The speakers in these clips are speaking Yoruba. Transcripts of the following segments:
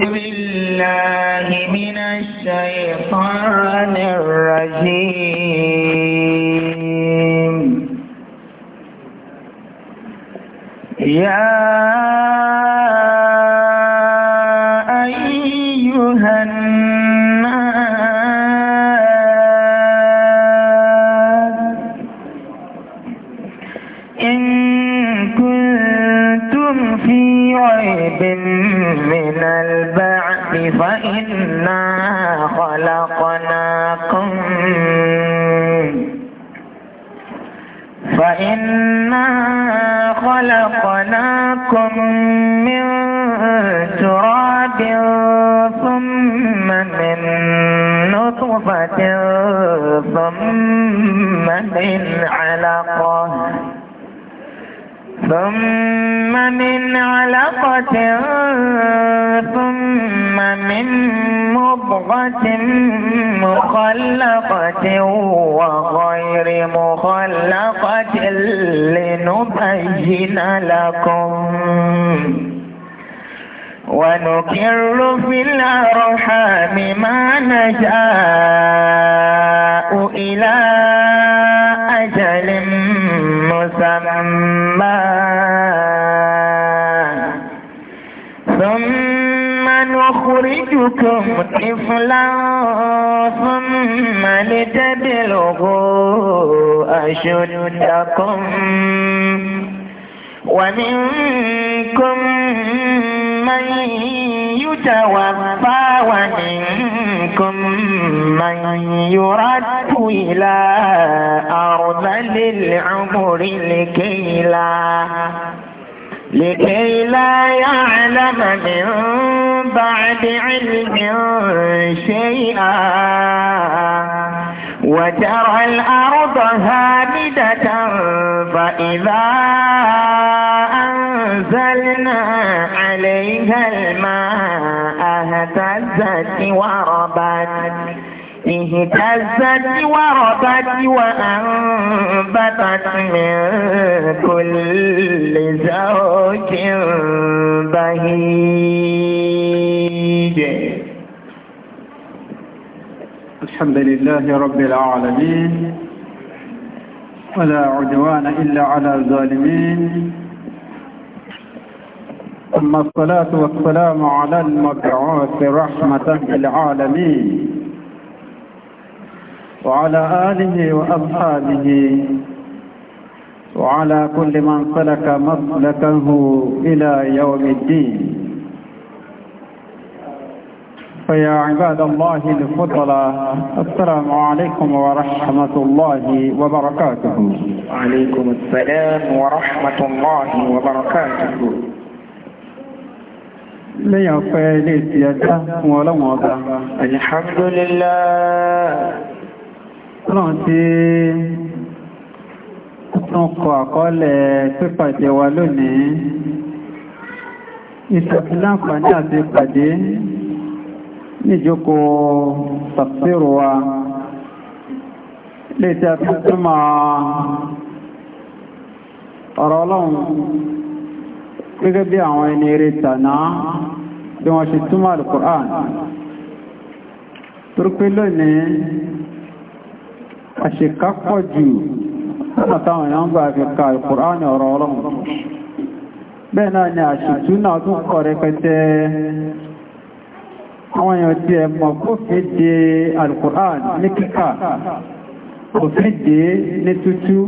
بالله من الشيطان الرجيم يا خلقناكم من تراب ثم من نطفة ثم من علقة ثم من علقة ثم من مضغة مخلقة وغير مخلقة لنبين لكم ونكر في الأرحام ما نشاء إلى سما ثم نخرجكم طفلا ثم لتبلغوا أشدكم ومنكم من يتوفى ومنكم من يرد إلى أرض العمر لكي لا لكي لا يعلم من بعد علم شيئا وترى الأرض هامدة فإذا أنزلنا عليها الماء اهتزت وربت اهتزت وربت وأنبتت من كل زوج بهيج الحمد لله رب العالمين ولا عدوان إلا على الظالمين ثم الصلاة والسلام على المبعوث رحمة للعالمين وعلى آله وأصحابه وعلى كل من سلك مسلكه إلى يوم الدين فيا عباد الله الفضلاء السلام عليكم ورحمة الله وبركاته وعليكم السلام ورحمة الله وبركاته lẹ́yìn ọ̀pẹ́ ilé ti ẹjá fún ọlọ́wọ̀n ọba. alhamdulillah ọlọ́run tí tún kọ àkọọ́lẹ̀ pípàdé wa lónìí ìtàkìláǹfà ní àti ìpàdé níjókòó tafsiru wa lè tẹ́ fi túnmọ̀ ọ̀rọ̀ ọlọ́run gẹ́gẹ́ bí àwọn ẹni eré tànà bí wọ́n ṣe túnmọ̀ al-Qur'an torípé lónìí àṣekápọ̀ jù ọ̀nà èèyàn gbà fi ka al-Qur'an ọ̀rọ̀ ọlọ́run bẹ́ẹ̀ náà ni kọ̀ rẹpẹtẹ àwọn èèyàn tí ẹ mọ̀ kó fi dé Al-Qur'an ní kíkà kò fi dé ní tútú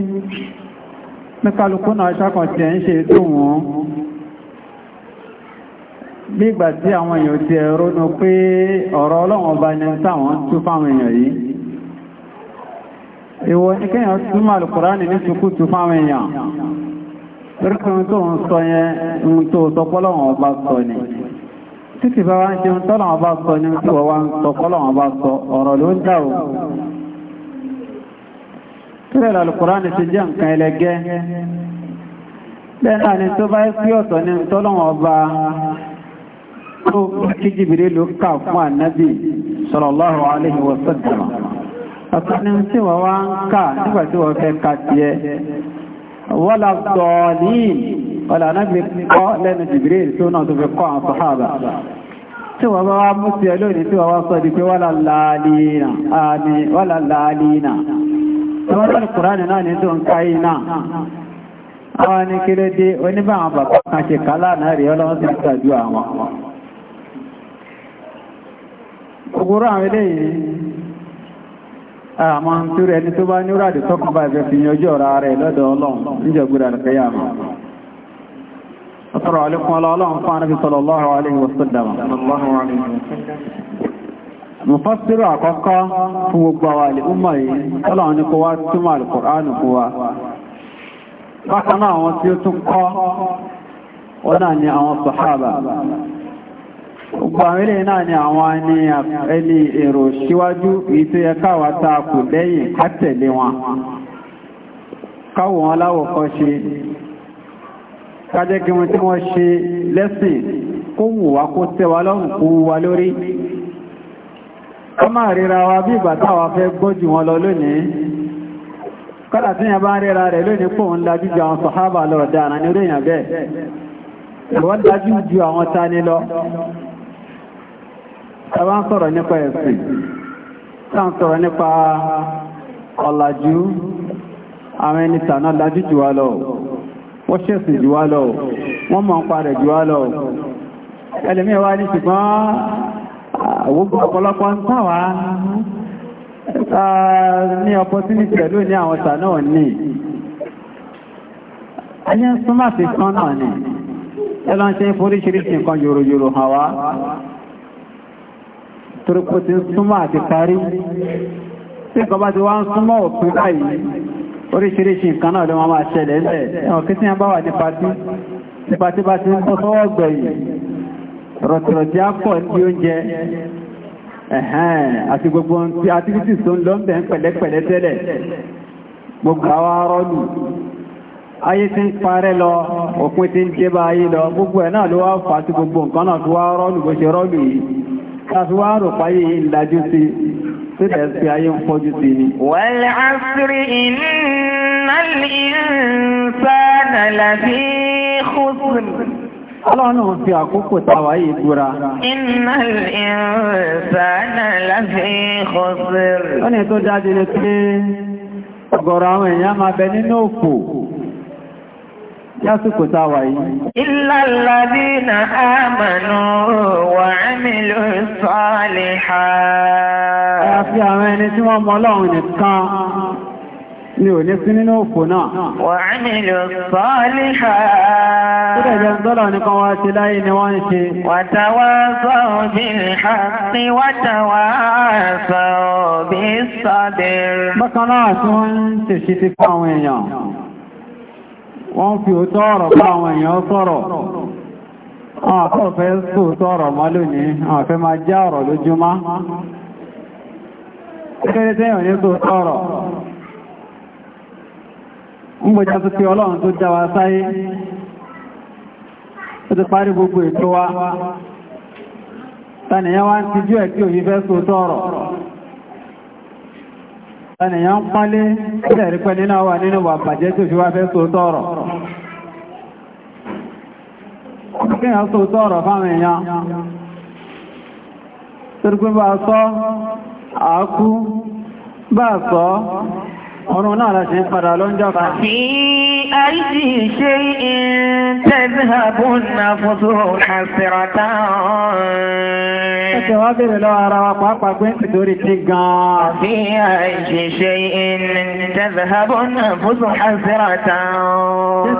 níkàlùkù náà ṣákan tí ẹ ń ṣe tó wọ́n nígbà tí àwọn èèyàn ti ẹ ronú pé ọ̀rọ̀ Ọlọ́run ọba ni táwọn tú fáwọn èèyàn yìí ìwọ ní kíyàn Al-Qur'an ní túkú tú fáwọn èèyàn lórí kan tó ń sọ yẹn ń tó sọpọ́lọ́run ọba sọ ni títí bá wá ń ṣe ń tọ́lọ̀ wọn bá sọ ní tí wọ́n wá ń sọ kọ́lọ̀ wọn bá sọ ọ̀rọ̀ ló ń dà o kílẹ̀ lọ́lùkùránì ti jẹ́ nǹkan ẹlẹgẹ́ lẹ́nà ni tó bá pí ọ̀tọ̀ ní tọ́lọ̀ wọn tó kí jìbìrì ló kà fún ànábì sallallahu alaihi wa sallam ọ̀tọ̀ ni tí wọ́n wá ń kà nígbà tí wọ́n ọ̀là anábì kọ́ lẹ́nu Jibril tó náà tó fi kọ́ àwọn sàhábà tí wọ́n bá wá mú sí ẹ lónìí tí wọ́n wá sọ di pé wọ́là láàlìínà tí wọ́n lọ́nà kùránì náà ní tó ń káyí náà àwọn ní kí ló dé oníbà àwọn bàbá kan ṣe kálá náà rí ọlọ́wọ́n sí ìtàjú àwọn ògbòrò àwọn eléyìí àmọ́ ń túrẹ̀ ẹni tó bá ní rádìí tọ́kùnbà ìfẹ́ fi yanjú ọ̀rọ̀ rẹ̀ lọ́dọ̀ Ọlọ́run níjọ̀gbúra rẹ̀ fẹ́yàmọ́ Àtọ̀rọ̀ àlékún ọlọ́run fún ànábì sallallahu alaihi wasallam. Mùfásírò àkọ́kọ́ fún gbogbo àwọn àlèúmọ̀ yìí, ọlọ́run ní kó wá túnmọ̀ Al-Qur'ánù kó wá. Bákan náà àwọn tí ó tún kọ́, ó náà ni àwọn kájẹ́ kí wọ́n tí wọ́n ṣe lẹ́sìn kó wù wá kó tẹ́ wa lọ́rùn kú wa lórí ká máa ríra wa bí ìgbà táwa fẹ́ gbójú wọn lọ lónìí kọ́lá tí yẹn bá ń ríra rẹ̀ lónìí pò ń lajú ju àwọn sọ̀hábà lọ dára ní orí bẹ́ẹ̀ wọ́n wọ́n ṣẹ̀sìn jù wá lọ wọ́n mọ̀ ń parẹ̀ jù wá lọ ẹlẹ́mí wá ní ṣùgbọ́n àwógbò ọ̀pọ̀lọpọ̀ ń tàwà ní opportunity pẹ̀lú ní àwọn ọ̀tà náà ní ayé ń súnmà sí kan náà ní ẹlọ ń ṣe ń foríṣiríṣi nǹkan yòròyòrò hàn wá torípò ti ń súnmà àti kárí tí ìkọba ti wá ń súnmà òfin báyìí oríṣiríṣi nǹkan náà ló máa máa ṣẹlẹ̀ ńlẹ̀ ẹ̀wọ̀n kí tí a bá wà ní patí ní patí bá ti ń bọ́ sọ́wọ́ gbẹ̀yìn rọ̀tìrọ̀tì á pọ̀ ní oúnjẹ ẹ̀hẹ́n àti gbogbo ti activities tó ń lọ ń bẹ̀ pẹ̀lẹ́pẹ̀lẹ́ sílẹ̀ sí ayé ń pọ́jú sí ni. wal asri innal insana lafi khusr. Ọlọ́run náà fi àkókò tàwà yìí gúra. Innal insana lafi khusr. Ó ní tó lásìkò tá a wà yìí. ìlàlàdí na àmànù wà nílò sọ́ọ̀lì ha. àyàfi àwọn ẹni tí wọ́n mọ ọlọ́run nìkan ni ò ní sí nínú òfò náà. wà nílò sọ́ọ̀lì ha. tó dẹ̀jẹ̀ sọ́lọ̀ nìkan wá ti láyé ni wọ́n ń ṣe. wàtàwà sọ́ọ̀ ha sí wàtàwà sọ́ọ̀ bí sọ́bẹ̀rẹ̀. náà tí wọ́n ń ṣèṣì wọ́n fi òótọ́ ọ̀rọ̀ pa àwọn èèyàn sọ̀rọ̀ àkọ́fẹ́ sóòtọ́ ọ̀rọ̀ mọ́ lónìí àwọn máa já ọ̀rọ̀ lójúmá kéré tẹ́yàn ní sóòtọ́ ọ̀rọ̀ ń gbọ́já tó pé ọlọ́run tó já sáyé ẹnìyàn ń pọ́nlé ẹ̀rí nínú wà nínú wà bàjẹ́ tó fi wá fẹ́ sóòtọ́ ọ̀rọ̀ kíyàn sóòtọ́ ọ̀rọ̀ fáwọn èèyàn bá àákú ọ̀run náà láti ń padà lọ́njọ́ka. Fi àìsí ṣe ìtẹ́zàbùn náà fòtò àṣìrọ̀tà ọ̀run. Ẹ̀kẹ́ wá bèèrè lọ ara wa pàápàá gbé ti torí gan-an. Fi àìsí ṣe ìtẹ́zàbùn náà fòtò àṣìrọ̀tà ọ̀run. Nítorí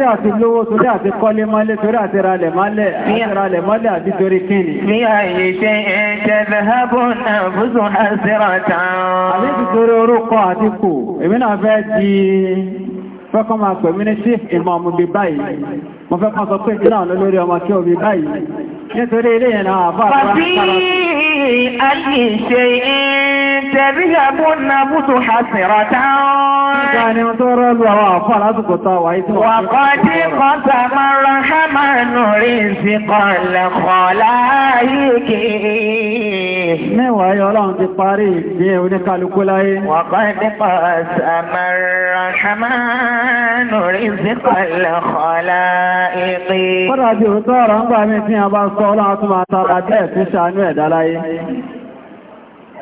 torí àti lówó torí àti kọ́lé mọ́lé torí àti ralẹ̀ mọ́lẹ̀ àti torí kíni. ní ààyè ṣe ẹ̀ẹ́dẹ̀lẹ́hábò náà fúsùn àṣírọ̀tàn. àlejò torí orúkọ àti kò èmi náà fẹ́ di fẹ́kọ́ máa pè ní chief imam bí báyìí mo fẹ́ kan sọ pé ìdí náà ọmọ kí o bí báyìí nítorí ilé yẹn àbá àbá تذهبن متحسرة وقد قسم الرحمن رزقا لخلائك Mẹ́wàá yọ ọlọ́run ti parí ní oníkàlùkú láyé. Wàkọ́dé pàṣàmà ràṣàmánù rí sí pẹ̀lẹ̀ kọ̀ọ̀lá ìpé. Kọ́dà bí òótọ́ ọ̀rọ̀ ń gbà mí tí a bá sọ ọlọ́run tó máa tara bẹ́ẹ̀ fi ṣàánú ẹ̀dá láyé.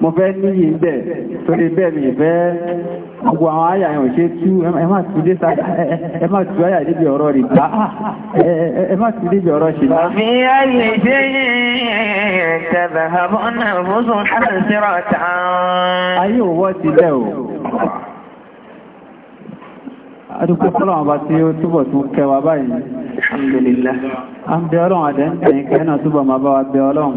mo fẹ́ níyì ń bẹ̀ torí bẹ́ẹ̀ mi fẹ́ gbogbo àwọn àyà ẹ̀wọ̀n ṣe tú ẹ má tú dé sáà ọ̀rọ̀ rí bá ẹ má tú débi ọ̀rọ̀ ṣe náà. adúgbò fọlọ́wọ́n bá tí ó túbọ̀ tún kẹwàá báyìí. alhamdulillah. à ń bẹ ọlọ́run náà túbọ̀ máa bá wa bẹ ọlọ́run.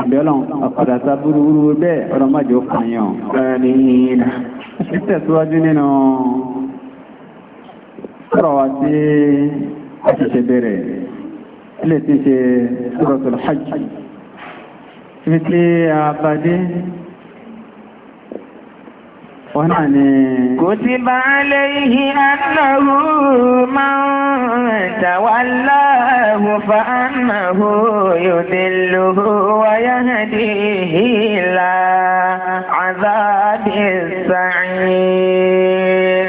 àbẹ́lọ́n ọ̀padà tá búrúburú bẹ́ẹ̀ ọlọ́mọdé ó kàn yàn. títẹ̀síwájú nínú sọ̀rọ̀ wa tí a ti ṣe bẹ̀rẹ̀ ilé tí ṣe suratul hajj. ibi tí a Ọ̀nà ni. Kutiba alayhi annahu man tawallahu fa annahu yudilluhu wa yahdihi ila azabil sa'ir.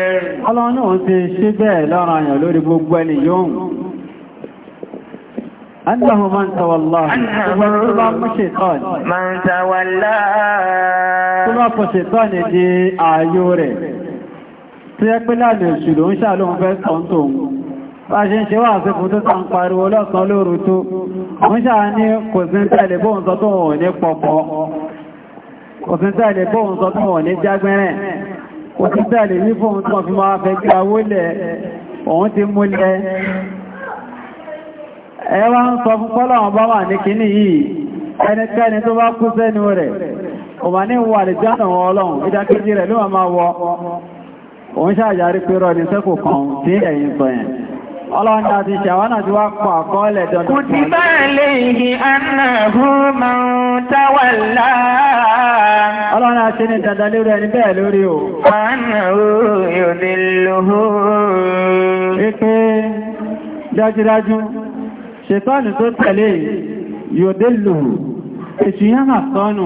Ọlọ́run náà ti ṣe lọ́rọ̀ àyàn lórí gbogbo ẹni yóò أنه من تولاه من شيطان من تولاه طلاف شيطان دي آيوري تيقبلا للشلون شالون فيستانتون Fáṣe ń ṣe wà sí fún tó tàn pariwo lọ́sàn lóru tó, wọ́n ṣáà ní kò sí ń tẹ́lẹ̀ bóhùn sọ tó wọ̀n ní pọ̀pọ̀, kò sí ń tẹ́lẹ̀ bóhùn sọ tó wọ̀n ní jágbẹ́rẹ̀, kò sí tẹ́lẹ̀ ní fóhùn tó fi máa fẹ́ gbà wólẹ̀, òun ti múlẹ̀, ẹwà ń sọ fún pọ́lọ̀wọ̀n wà ní kìíní yìí ẹnikẹ́ni tó bá kú sẹ́nu rẹ̀ ọmọ ní wà lè jánà ọlọ́run ìdákejì rẹ̀ ló wà máa wọ òun ṣàjárí pé rọ ní sẹ́kù kan tí ẹ̀yìn sọ yẹn ọlọ́run náà ti ṣàwánà tí wá pọ̀ àkọọ́lẹ̀ ṣetọ́nù tó tẹ̀lé yóò dé lòrò èṣù yẹn hàn sọ́nù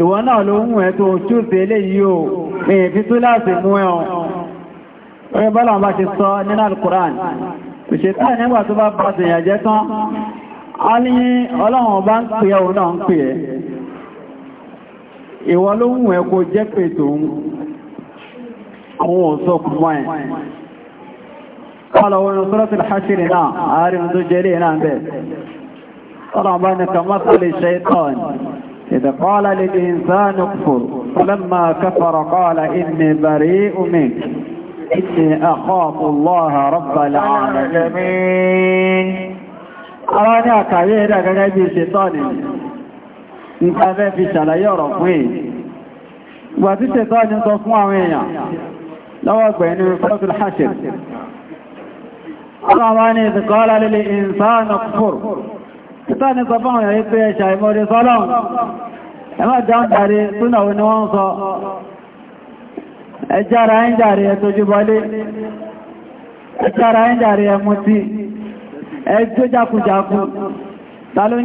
ìwọ náà ló mú ẹ tó túnṣe eléyìí o èyàn fi tó láti mú ẹ o orí bọ́lá bá ti sọ nínú alukuran kò ṣe tẹ́ nígbà tó bá bá ti yàjẹ́ tán a ọlọ́run bá ń pè ẹ̀hùn náà ń pè ẹ́ ìwọ ló mú ẹ kó jẹ́ pè tòun àwọn òṣọ́kùn mọ́ ẹ̀ قال ونصرة الحشر نعم عارم ذو جليل نعم به طلع بانك مثل الشيطان إذا قال للإنسان اكفر فلما كفر قال إني بريء منك إني أخاف الله رب العالمين أراني أكايدا كنبي شيطاني نتابع في شلعي رفوين وفي شيطاني صفوا وينا لو أكبرني في فرق الحشر أراني إذا قال للإنسان اكفر Ìtọ́ ní sọ fáwọn èèyàn pé ẹṣà ìmọ̀re sọ́lọ́run. Ẹ má dáhùn jàre túnà wo ni wọ́n sọ. Ẹ jára ń jàre ẹ tójú bọlé. Ẹ jára ń jàre ẹ mutí. Ẹ jó jákujàku. Ta ló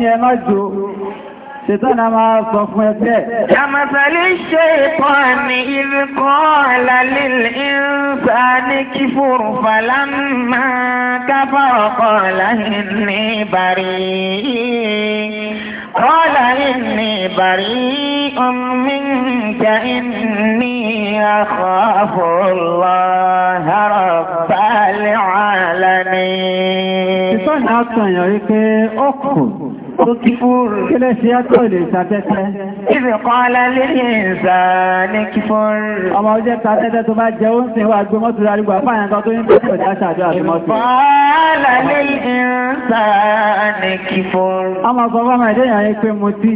Ṣètọ́nà máa sọ fún ẹgbẹ́. Yàmàtàlí ṣe ìkọ́ ní ibi kan lálílì ìrúnsà ní kí fòrò fàlámà káfàrọ̀ kan láhìn ní ìbàrí. Kọ́lá ìní ìbàrí ọmọmíǹkà ìní àkọ́fọ́lọ́ àrọ̀bálẹ̀ àlàní. Ṣètọ́nà á tàn yàn wípé ó kù. Kílẹ̀ ṣe ẹ́tọ́ ilẹ̀ ìsàtẹ́tẹ́. Ìfẹ̀ kan alẹ́ ní ìsà ní kífọ́rù. Ọmọ ọjẹ́ ìsàtẹ́tẹ́ tó bá jẹ ó ń sin wà gbé mọ́tò rárí gbà fáyàn kan tó ń tẹ́tẹ́ ọ̀dá ṣàjọ́ àti mọ́tò. Ìfẹ̀ kan alẹ́ ní ìsà ní kífọ́rù. Ọmọ ọkọ̀ ọmọ ìdẹ́yàn yẹn pé mo tí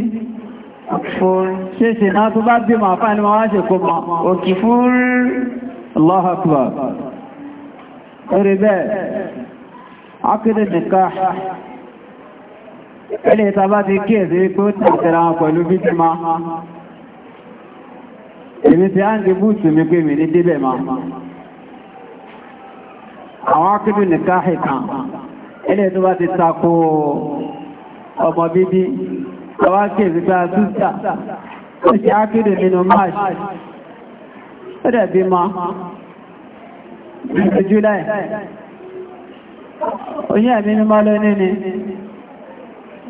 nìkan ẹni ìtàbá ti kí èsì pé ó tàbí ra pẹ̀lú bíbí èmi ti á ń di mi pé mi ní débẹ̀ ma àwọn akídù nìká ìkà ẹni tó bá ti takò ọmọ bíbí ọwá kí èsì pé a ní July ni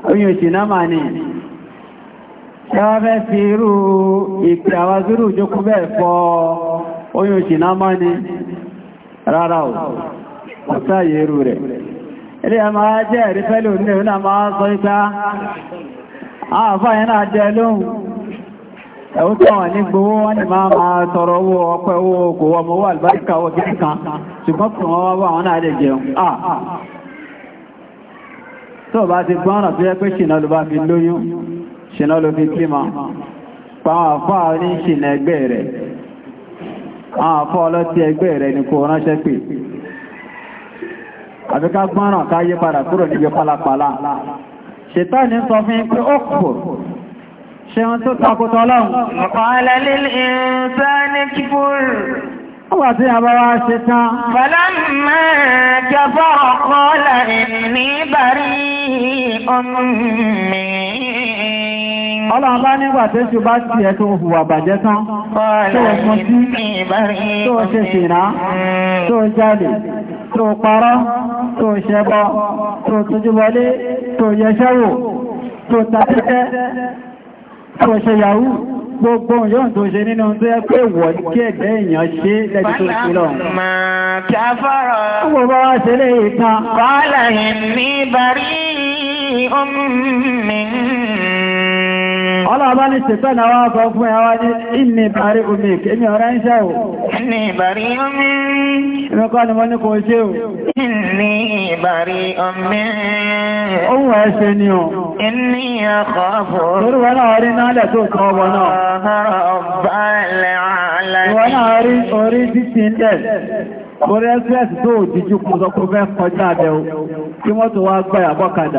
na ìṣìnámà ni ẹwà fẹ́ fi irú ìpè àwázírù jókú bẹ́ẹ̀ fọ́ oyún ìṣìnámà ni rárá ò ọ̀sáyé irú rẹ̀ ilé a máa jẹ́ ẹ̀rí na ma so ita sọ fa àfáyẹ́ na je lóhun ẹ̀wọ́n tó wà ní ni máa máa tọrọ owó ọpẹ́ owó kan tó bá ti gbọ́nà tó yẹ pé ṣìnà ló bá fi lóyún ṣìnà ló fi kí ma pàwọn àfọ́ ní ṣìnà ẹgbẹ́ rẹ̀ àwọn àfọ́ ọlọ́tí ẹgbẹ́ rẹ̀ ní kò ránṣẹ́ pè àfi ká gbọ́nà ká yí padà kúrò níbi pálapàla ṣètáni sọ fún pé ó kò ṣe wọn tó takótọ́ ọlọ́run Ọwà tí a bá wá ṣe tán. Fọ́lámà jọba ọ̀kọ́lá ní bàrí ọmọ Ọlọ́run bá nígbà tí ṣe bá ti ẹ̀tọ́ òfùwà bàjẹ́ tán, tó ọkùn tí, tó ṣe ṣìná, tó jáde, tó parọ́, tó ṣẹbọ, tó tójúbọlé, tó yẹṣẹ́wò, tó tàbíkẹ́, tó ṣe yàwó gbogbo yóò tó ṣe nínú tó yẹ pé wọ̀ kí ẹgbẹ́ èèyàn ṣe lẹ́jọ́ tó ṣe lọ. Máa kí a fọ́rọ̀. Ó ọlọ́ọ̀bá ní ṣètọ́ na wá sọ fún ẹwà ní ìní ìbárí omi èmi ọ̀rẹ́ ń ṣẹ́ ò ní ìbárí omi ìrìnkọ́ ni mo ní kò ṣe ò ní ìbárí omi ohun ẹ̀ṣẹ́ ni ò ní ọkọ̀ fò lórúwọ́ náà rí nálẹ̀ tó kọ́ ọgbọ̀ náà orí ẹ́sẹ̀sì tó òdíjú kún sọ kó fẹ́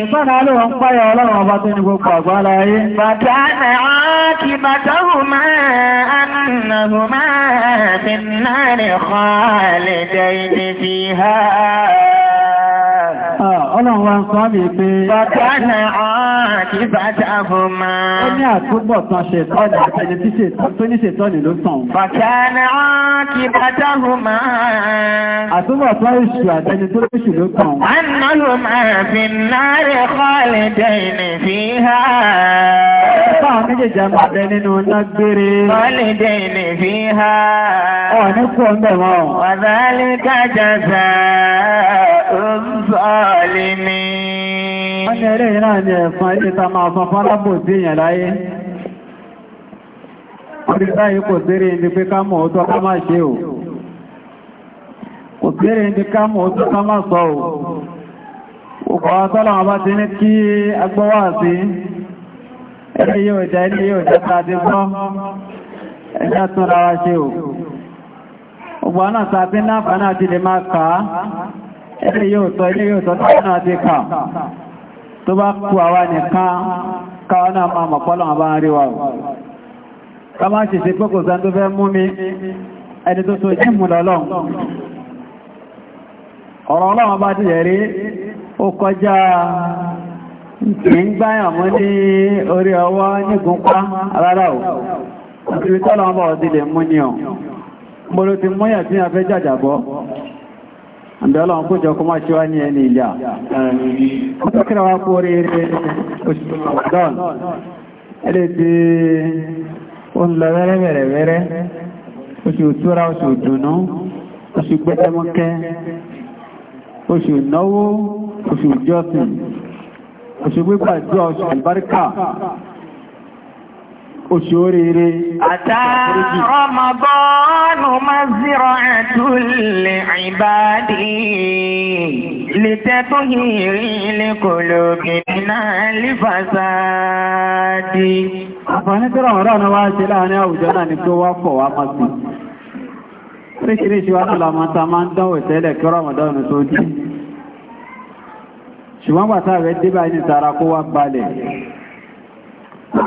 Ṣètọ́nà ló ń páyà ọlọ́run ọba tó ní gbogbo àgbára ayé. Bàtà náà kí bàtà hùmá annahuma fi náà rẹ̀ kọ́ àlẹ́dẹ̀ ìdí fi ha. Ọlọ́run wa ń sọ mi pé. Bọ̀dánà ọ̀kì bàtà hùmà. Ó ní àtúbọ̀ tán ṣe tọ́nì àtẹni tí ṣe tó ní ṣe tọ́nì ló sàn. Bọ̀dánà ọ̀kì bàtà hùmà. Àtúbọ̀ tán ìṣù àtẹni zalimi. Wọ́n ṣe eré náà ndị kò sí rí pé ká mọ̀ ká máa ṣe ò. Kò sí rí ká mọ̀ ká máa sọ ò. Òkọ̀ àtọ́lọ̀ bá ti ní kí agbọ́wà sí. Ẹni yóò jẹ́ ilé yóò jẹ́ Ẹni ẹni yóò sọ ilé yóò sọ tánà ti ka. tó bá kú àwa nìkan káwa náà máa mọ̀pọ́lọ̀ àbá ń rí wa ò ká máa ṣe ṣe pẹ́kò sán tó fẹ́ mú mi ẹni tó so jíìmù lọ́lọ́n bá ti yẹ̀rí kọja, kọjá ní ní orí ọwọ́ nígunpá rárá ò ìtìrítọ́lọ́wọ́ bá ọdí lè mú mo ló ti múyàn tí a fẹ́ jàjàbọ́ àbẹ́lọ́ ọkùn jọ kó máa ṣe wá ní ẹni ìyà ọ̀tọ́kẹ́rẹ́ wá kó rí rí oṣù Ramadan ẹlẹ́ tí ó ń lọ wẹ́rẹ́wẹ́rẹ́wẹ́rẹ́ oṣù tóra oṣù dùnú oṣù gbẹ́tẹ́mọ́kẹ́ oṣù náwó oṣù jọ́sìn oṣù gbígbàjọ́ oṣù oríire. Àtà Ramadan mazira'atul li'ibadi lè tẹ́tún hìrì lè kòlòkè nínà lífàsáàdì. Àfàní tí Ramadan wá ṣe láàrin àwùjọ náà ni tó wá pọ̀ wá máa sí. Oríṣiríṣi wá nílò máa ń dánwò tẹ́lẹ̀ kí Ramadan tó dé. Ṣùgbọ́n pàtàkì débà ní tààrà kó wá balẹ̀.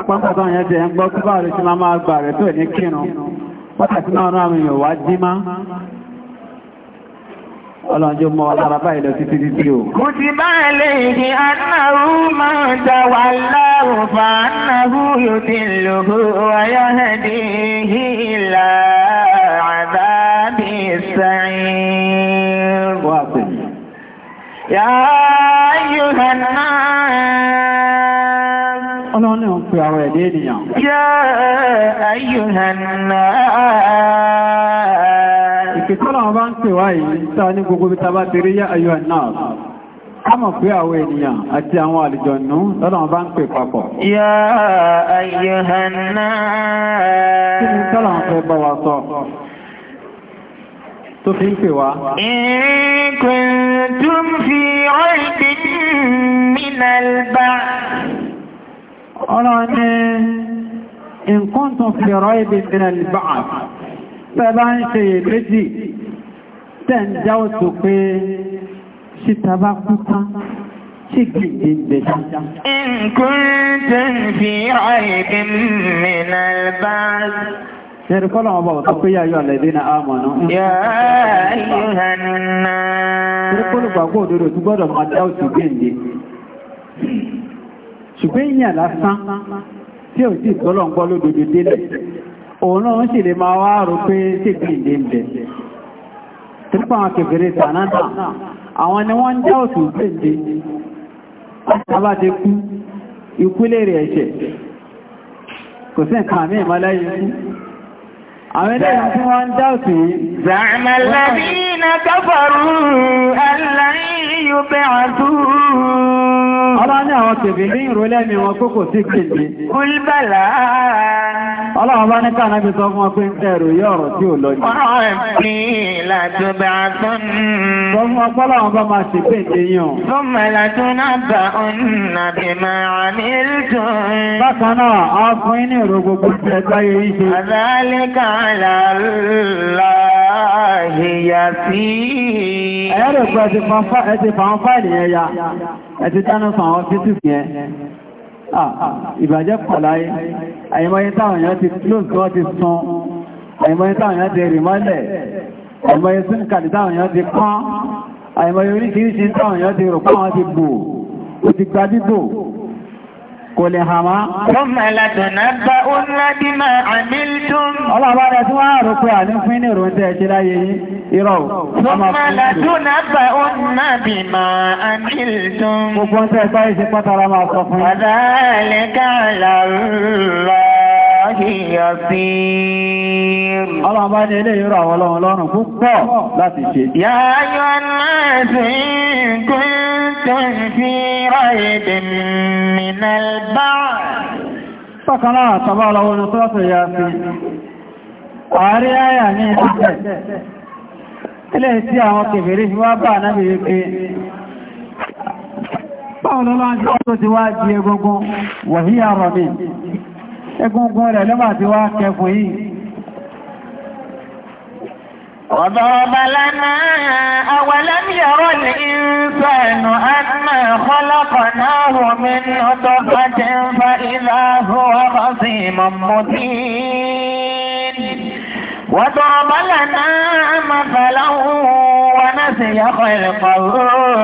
Pọ́pọ̀tọ́ yẹn jẹ́ ń gbọ́ kí báà rí sí máa máa gbà rẹ̀ tó ní kírun. Pọ́tàkì náà rán àwọn èèyàn wá dí mọ́ alára báyìí lọ títí tí ó. Kú ti bá àwọn ẹ̀dẹ́ ènìyàn. Yá ayyuhanna. Ìkìtọ́lọ̀ wọn bá ń pè wá yìí sáà ní gbogbo bí tàbá ti rí yá ayyuhanna. A mọ̀ pé àwọn ènìyàn àti àwọn àlùjọ̀nú lọ́nà wọn bá ń pè papọ̀. Yá ayyuhanna. Kí ni tọ́lọ̀ wọn fẹ́ bá wa sọ? tó fi ń pè wá. Ìkùntún fi ọ̀rìn ọlọ́ni nǹkan tó fi rọ ibi ìrìnà lìbáà tẹ́bá ń ṣe èméjì tẹ́ ń já ó tó pé síta bá kúta tí gìdì gbẹ̀ṣà. nǹkan tó fi rọ ibi ìrìnà lìbáà Ṣẹ́rí kọ́lọ̀ àmọ̀nà. Yáà gbàgbọ́ òdòdó tí gbọ́dọ̀ máa dáwọ̀ tó gbé ṣùgbọ́n èèyàn lásán tí ò sí ìtọ́lọ̀ ń gbọ́ lódodo délẹ̀ òun náà ń sì lè máa wá rò pé ṣègbè ìdè ń bẹ̀ trípa àwọn kèfèrè tànáà àwọn ni wọ́n ń dá òtù gbèǹde àbáde kú ikú lèrè ẹ̀ṣẹ̀ kò sí nǹkan àwọn ilé ìrìn tí wọ́n ń dá òtù yìí زعم الذين كفروا أن لن يبعثوا Ọlá ní àwọn tèbè ní ìrọ̀lẹ́ mi wọn kókò sí kèdè. Olúbàlá. Ọlọ́run bá ní káàná bí sọ fún wọn pé ń tẹ̀rù ọ̀rọ̀ tí ò lọ jù. Ọ̀rọ̀ mi làdùbà fún. Sọ fún wọn pọ́lọ́run bá máa ṣe pé ìdè yàn. Fọ́mà làdúnà bá ọ̀nà bí máa ní ìlúdùn. Bákan náà, a fún inú ìrò gbogbo ẹgbẹ́ yìí ṣe. Àzálẹ́kà ẹ̀tí dáná fún àwọn fífìf yẹn ìbàjẹ́ pọ̀láyé àìmọye táwọn èèyàn ti close wọ́n ti sun àìmọye táwọn èèyàn ti rì mọ́lẹ̀ àìmọye sínkàlì táwọn èèyàn ti kán àìmọye oríṣiríṣi táwọn èèyàn ti rò pọ́ wọn ti kò lè hàn máa. Kọ́mọ̀ látọ̀nà bá ó ńlá bí máa àmìlítún. Ọlọ́bá rẹ̀ tí wọ́n á rò pé à ní fún ní ìrò tẹ́ ṣe láyé yìí, irọ́. Kọ́mọ̀ látọ̀nà bá ó ńlá bí máa àmìlítún. Gbogbo ń tẹ́ yasir. Ọlọ́run bá ní ilé ìrọ̀ àwọn ọlọ́run lọ́rùn púpọ̀ láti ṣe. Yá ayọ́ náà sí kúntùn sí ráyẹ̀dìn mìnàl bá. Sọ́kànlá àtàbà ọlọ́run tó rọ́pẹ̀ yá sí. Ààrí àyà ní ìpínlẹ̀. Ilé tí àwọn kèfèrí fi wá bá náà bí wípé egungun rẹ̀ lọ́mà tí wá kẹfù yìí وضرب لنا أولم ير الإنسان أنا خلقناه من نطفة فإذا هو خصيم مبين وضرب لنا مثلا ونسي خلقه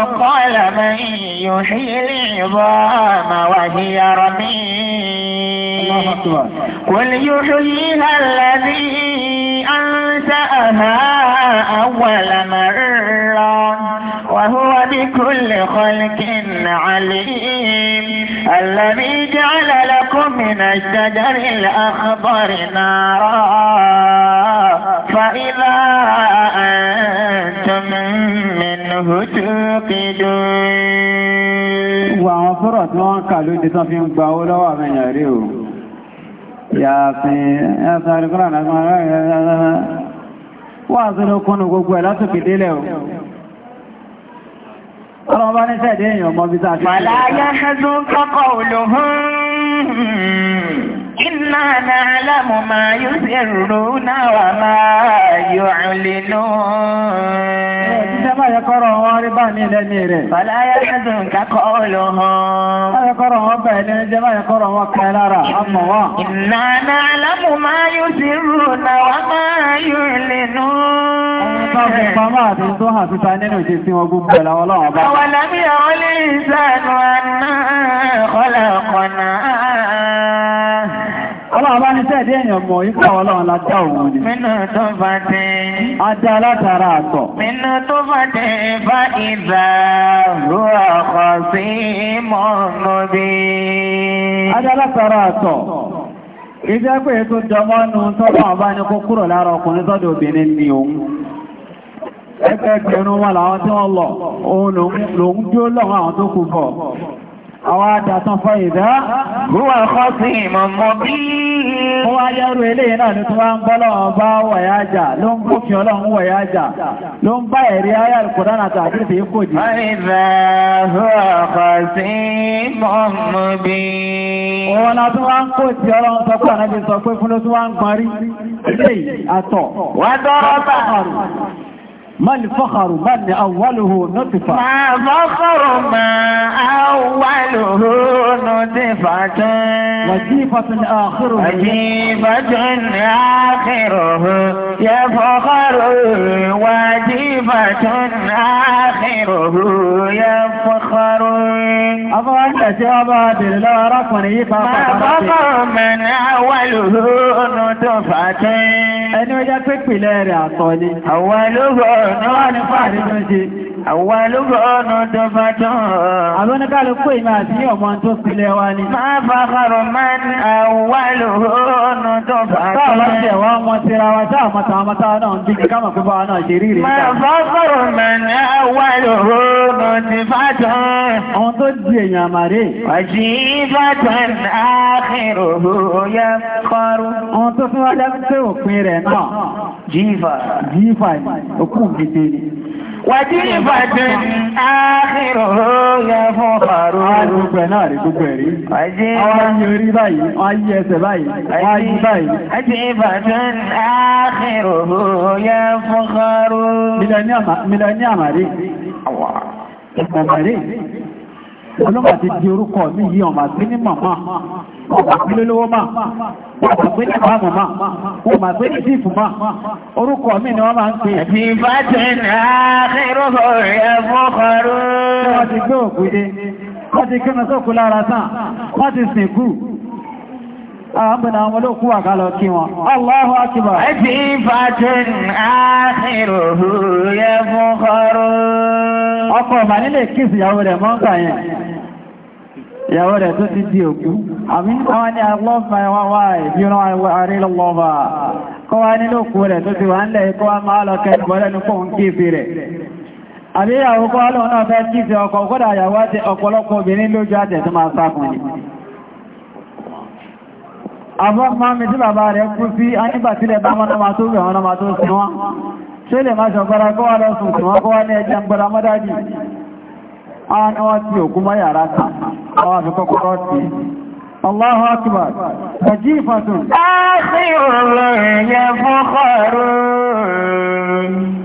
قال من يحيي العظام وهي رميم قل يحييها الذي أنشأها أول مرة وهو بكل خلق عليم الذي جعل لكم من الشجر الأخضر نارا فإذا أنتم منه توقدون وعن فرة وعن قالوا جدا في مقاولة وعن يريو يا في يا صار القرآن وعن ذلك كنوا قبوا لا تكدلوا Ọlọ́run bá ní sẹ́ẹ̀dé èèyàn mọ́ bí sáà ṣe. Má yẹ kọ́rọ̀ wọn rí bá ní ilẹ̀ ní rẹ̀. Bàlá ayé ẹ̀dùn kakọ́ ló wọn bẹ̀rẹ̀ ní ẹjẹ́ má wọn kẹ́ lára, ọmọ wọn. Ìlànà alámù máa yóò ti rú na wá máa yóò lè nú. Ọmọ ní tẹ́ẹ̀dé èèyàn mọ̀ yípa ọlọ́run látà òun ni. Mínú tó bá tẹ́. Adá látara àtọ̀. Mínú tó bá tẹ́ bá ìdá rúra ọkọ̀ sí mọ́nùbí. Adá látara àtọ̀. Ìjẹ́ pé tó jọmọ́nu tọ́lọ́ àbá ní kó kúrò lára ọkùnrin tọ́dọ̀ obìnrin ni òun. Ẹgbẹ́gbẹ̀rún wọn làwọn tí wọ́n lọ, òun lòun dúró lọ́wọ́ àwọn tó kú bọ̀ àwọn àdàtàn fọ́ ìdá wúwà kọ́ sí ìmọ̀ mọ́ bí i wọ́n wá yẹ́rù ilé náà ní tó wá ń bọ́lọ́wọ́ bá wọ̀yájà ló ń bófin ọlọ́run wọ̀yájà ló ń bá ẹ̀rí ayé alùkùránà ما الفخر من أوله نطفة ما فخر ما أوله نطفة وجيفة آخره وجيفة آخره يا فخر وجيفة آخره يفخر أبا أنت يا أبا لا فخر ما فخر من أوله نطفة ẹni ó jẹ́ pé pìlẹ̀ rẹ̀ àtọ̀ ni àwọn ẹlógún ọ̀rọ̀ náà ní fàárí tó ṣe Àwọn alúgbọ́nù tó bá tán. Àwọn oníkàlùkù ìmọ̀ àti ní ọmọ tó sílẹ̀ wá ní. Máa bá fàrọ̀ máa ní àwọn alúgbọ́nù tó bá tán. wa táà mọ́ta mọ́ta náà ń bí ní káàmà pípa náà ṣe rí rí. Máa bá fàrọ̀ máa ní àwọn tó fún wa lẹ́kùn pé òpin rẹ̀ náà. Jífà. Jífà òkú gbèdé ni. Wàjí ìbàdí áàkìrò yẹ fún ọ̀rọ̀. Àdúgbò náà rí gbogbo ẹ̀rí. Wàjí ìbàdí báyìí, wọ́n yí ẹsẹ̀ báyìí, wọ́n yí báyìí. Wàjí ìbàdí áàkìrò fún ọ̀rọ̀ ọlọ́pàá ti di orúkọ mi yí ọmọ àti ní màmá ọmọ máa ọmọ ní màmá máa ọmọ àpé ní sífù máa orúkọ mi ni wọ́n máa ń pè é. ti àwọn àwọn olókú àkálọ kí wọn. Allahu akbar. Ẹ̀tí fàtún àkìrò yẹ fún kọrọ. Ọkọ̀ ọ̀bà nílé kìsì ìyàwó rẹ̀ mọ́ ń kà yẹn. yawo rẹ̀ tó ti di òkú. Àmì àwọn ni àlọ́fà ẹwà wà ìbíran àrí lọ́wà. Kọ́ wá nínú òkú rẹ̀ tó ti wà ń lẹ̀ kọ́ wá máa lọ kẹ́ ìbọ̀lẹ́nu fún kífì rẹ̀. Àbí ìyàwó kọ́ lọ náà fẹ́ kífì ọkọ̀ kódà ìyàwó àti ọ̀pọ̀lọpọ̀ obìnrin lójú àtẹ̀ tó máa sákùn ni. Àbọ́ máa mi tí bàbá rẹ̀ kú sí, a nígbà sílẹ̀ bá mọ́nà máa tó wọ́n ti òkú mọ́ yàrá kan àwọn àfikọ́kọ́rọ́ ti Allahu akbar tajifatun. Ààfin òun yẹ fún kọrùn-ún.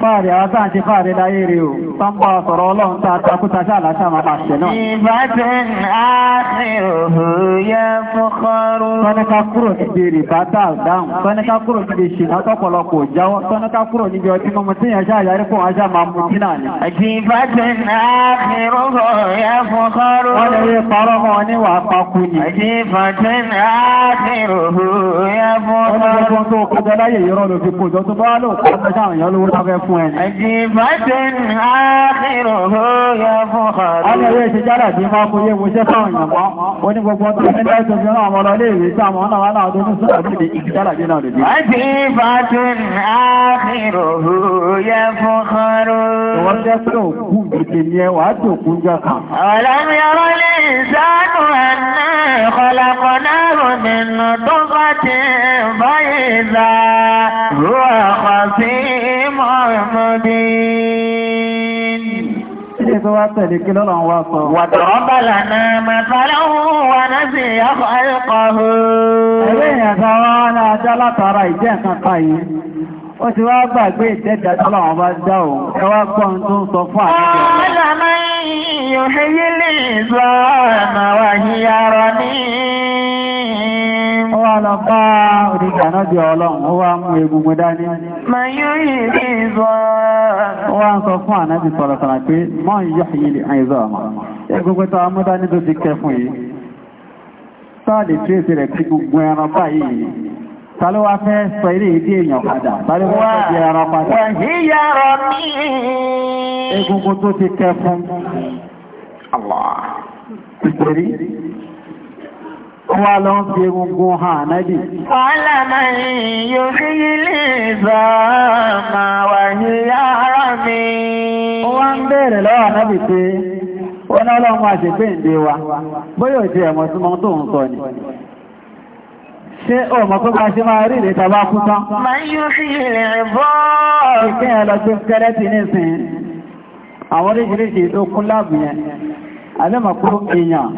Fáàrí àwọn tàà ti fáàrí láyé rí o, tán bá sọ̀rọ̀ ọlọ́run tàà takúta ṣáàlá ṣàmà máa ṣẹ̀ náà. Ìbátẹ́n ààrẹ òhò yẹ fọ́kọrú. Tọ́níká kúrò níbi rìbá tàà dáhùn, tọ́níká kúrò níbi ṣìnà tọ́pọ̀lọpọ̀ jáwọ́, tọ́níká kúrò níbi ọtí mọ́mọ́ tí yẹn ṣáà yàrí fún ajá máa mú kí náà ni. Ìbátẹ́n ààrẹ òhò yẹ fọ́kọrú. Wọ́n lè rí parọ́ mọ́ ní wà pákú yẹ fọ́kọrú. Wọ́n fún ẹ. Àjíbájẹ́ ní ààrírò hóyá fún ọ̀rọ̀. Ọmọ ìwé ti jára bí máa kó yé wo ṣẹ́ fáwọn èèyàn mọ́. Ó ní gbogbo i ìjì jára bí náà lè ọ̀rọ̀. lè sánú ẹ̀nà ìkọlàkọ̀ náà rò nínú tó bá ti báyìí معبدين وضرب لنا مثلا ونسي خلقه Ó wá gbàgbé ìtẹ́jà tọ́lọ̀wọ̀n bá dá òun, ẹwà gbọ́n tó ń fún àti ìjọ. Ọlọ́mọ yìí yóò ṣe yí lè sọ wá lọ bá orígbàná jẹ ọlọ́run ó wá mú egungun dání ó wá ń sọ fún ànábì sọ̀rọ̀sọ̀rọ̀ pé mọ́ yíyọ̀ yìí àìzọ́ ọmọ egungun tó amú dání tó ti kẹ fún yìí sáàdì tí ó ti tó ti kẹ fún. Allah. Ìgbèrí wọ́n lọ ń fi egungun hàn náàbì. Ọlọ́mọ yóò fi ilé ìzọ ma wà ní ara mi. Ó wá ń bèèrè lọ́wọ́ náàbì pé, ó ná ọlọ́run ni. Ṣé o mọ̀ pé máa ṣe máa rí ìrètà bá kú tán? Máa yóò fi ilẹ̀ bọ́. Ìkẹ́ ẹ̀ lọ gbé kẹ́rẹ́tì nísìn, àwọn oríṣiríṣi tó kún láàbù yẹn alẹ́mọ̀kúrò èèyàn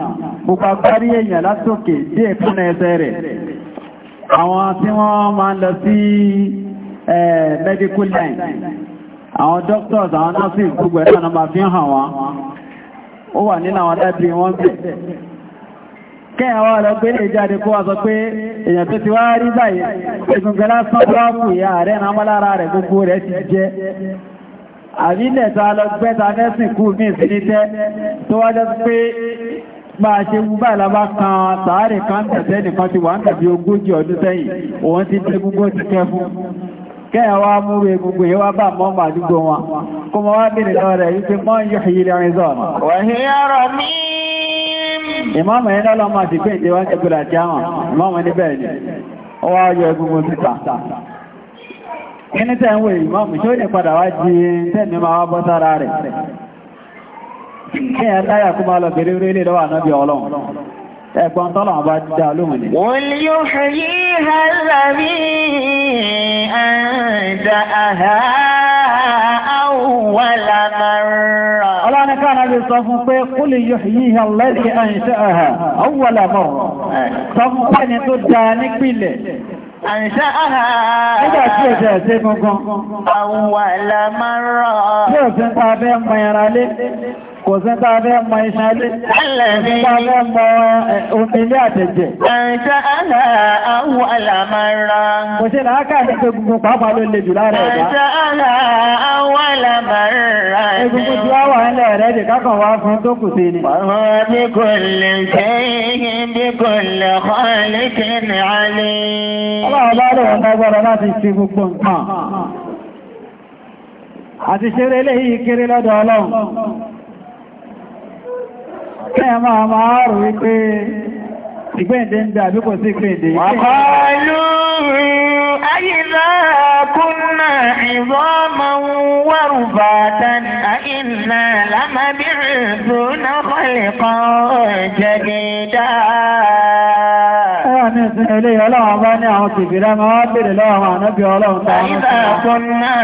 pupa kárí èèyàn látòkè dé ìpínlẹ̀ ẹsẹ̀ rẹ̀ àwọn tí wọ́n máa ń lọ sí medical line àwọn doctors àwọn nurses gbogbo ẹ̀rọ ọ̀nà máa fi hàn wọ́n ó wà nínú àwọn library wọ́n bẹ̀ kẹ́yàn wá lọ gbé ìjáde kó wá sọ pé èèyàn tó ti wá rí báyìí ìgbùngbẹ̀lá sọ́pọ̀ ọkùnrin ààrẹ náà mọ́lára rẹ̀ gbogbo rẹ̀ ti jẹ́ àrínẹ̀ta lọ gbẹ́ta mẹ́sìn kú ní ìsinítẹ́ tó wájọ́ pé máa ṣe wú báyìí lábá kan tààrí kan tẹ̀tẹ́ nìkan ti wà ń tàbí ogójì ọdún sẹ́yìn òun ti dé gbogbo ti kẹ́ fún kẹ́ẹ̀wá múrú egungun yìí wá bá mọ́ màdúgbò wọn kó mọ́ wá bèèrè lọ rẹ̀ yìí pé mọ́ yóò ṣe ilẹ̀ rìn zọ́ọ̀nà ìmọ́mọ̀ yẹn lọ́lọ́ máa ti pé ìdíwájẹ́ gbọ́dà jáwọn ìmọ́mọ̀ níbẹ̀ ni ó wá yọ egungun títà kíní tẹ́ ń wè ìmọ́mù ṣó ní padà wá jí tẹ́mì máa bọ́ sára rẹ̀ kí ẹ̀ láyà kú máa lọ bèèrè orílẹ̀ lọ́wà náà bí ọlọ́run ẹgbọ́n tọ́lọ̀ bá sọ fún pé Àìṣáhà. Nígbà tí ẹ̀ṣẹ̀ ṣe gangan. Àwọn àlàmárọ̀. Yóò fi ń pa abẹ́ mọ ẹran lé. Kò sí tàbẹ́ mọ iṣẹ́ ilé, tàbẹ́ mọ eh, omílé àtẹ̀jẹ̀. Ẹ̀ṣẹ́ àlà àwọ̀ àlàmàrà. Kò sí làákà ní egungun pàápàá ló le jù lára ẹ̀dá. Ẹ̀ṣẹ́ àlà àwọ̀ àlàmàrà. Egungun tí wá wà nílẹ̀ rẹ̀ dì kákan wá fún tó kù sí ni. Ọ̀họ́ bí kò lè ṣe é bí kò lè kọ́ lékè ní alẹ́. Ọlọ́run lè wọ́n dágbọ́dọ̀ láti fi gbogbo nǹkan. Àti Kẹ́yà máa rò wípé ìgbẹ́ǹdẹ́ ń dá àbí sí ìgbẹ́ǹdẹ́. ilé ọlọ́run bá ní àwọn tìbìrá máa bèèrè lọ́wọ́ ànábí ọlọ́run tàà ní ṣe. Àìbà kúnnà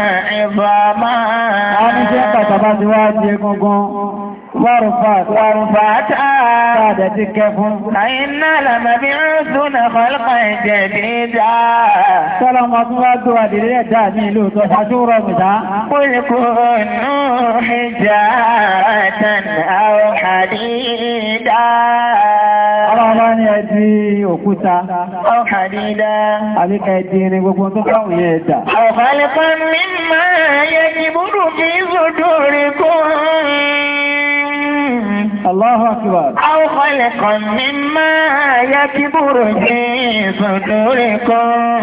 ìbà máa. A ní ṣe pàtàkì wá di egungun. Wàrùfàtà àdà ti kẹfún. Àyínà làmàbí rúdùnà kọlùkọ̀ ẹ̀jẹ̀ dídá. Sọ́lá ọmọ tó bá tó àdìrí ẹ̀dá ní ìlú tó ṣájú rọ̀ mìdá. Kúlùkù nù hìjà àtàn àwọn àdìdá. Ọlọ́ọ̀lá ni ẹ òkúta. Ọ̀hàdìdá. Àbíkà ẹ di gbogbo tó báwọn yẹn ẹ̀dá. Ọ̀fàlẹ́kọ́ mi máa yẹ kí búrú fi sódò rí kún. Allahu akbar. Aw khaliqan mimma yakburu fi sudurikum.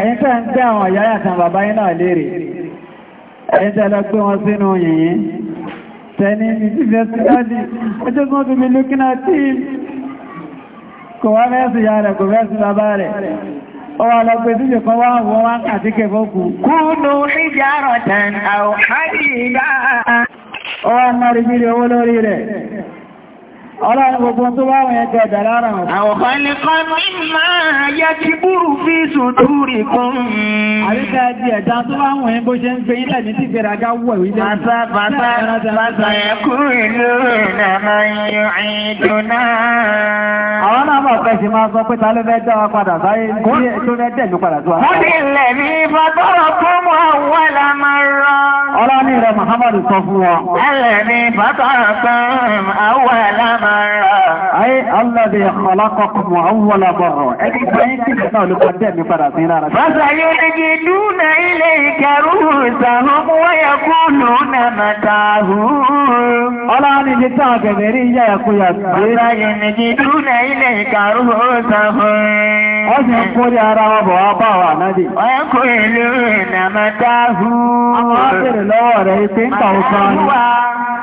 Ẹni tẹ́ ń tẹ́ àwọn ìyá àtàn bàbá yín náà lérè. Ẹni tẹ́ lọ pé wọn sínú yìnyín. Tẹ́ni ní ti fẹ́ sí dáadì. Ẹjọ́ tí wọ́n fi mi lókínà tí kò wá mẹ́sì ya rẹ̀ kò mẹ́sì bàbá rẹ̀ ọwà lọ́gbẹ̀ tí jẹ́kọ́ wá wọ́n wá àti kẹfọ́kù kúrò ìjárọ̀tàn àwọn àìyíká ọwà mọ́rí gírí owó lórí rẹ̀ Ọlọ́run gbogbo tó wá wọn ẹgbẹ́ ẹ̀dà lára wọn. Àwọ̀kọ́ ní kọ́ mímọ̀ yẹ ti búrú fi sùtúrì kún. Àríkà di ẹ̀dà tó wá wọn ẹgbó ṣe ń gbé ilẹ̀ ní ti gbèrà gá wọ̀ ìwé jẹ́. Bàtà bàtà bàtà ẹ̀kú ìlú nàmà yóò ìdùnnà. Àwọn náà mọ̀ pẹ́ sí máa sọ pé ta fẹ́ dá wa padà sáyé tó fẹ́ dẹ̀ mí padà Muhammadu sọ fún wọn. Ẹlẹ̀ Ayé aládé ọlákọ̀kọ̀mù àwọn àbọ̀rọ̀, ẹni báyé kí ní náà ló kọ́ dẹ̀ mi padà sí lára. Fásà yóò dédé dúnà ilé ìkẹrù ìsàhún wáyà kúnnù náà mẹ́ta hùn. Ọlọ́run ni tán dúnà ilé ìkẹrù ìsàhún. Wọ́n sì ń mẹ́ta hùn. Àwọn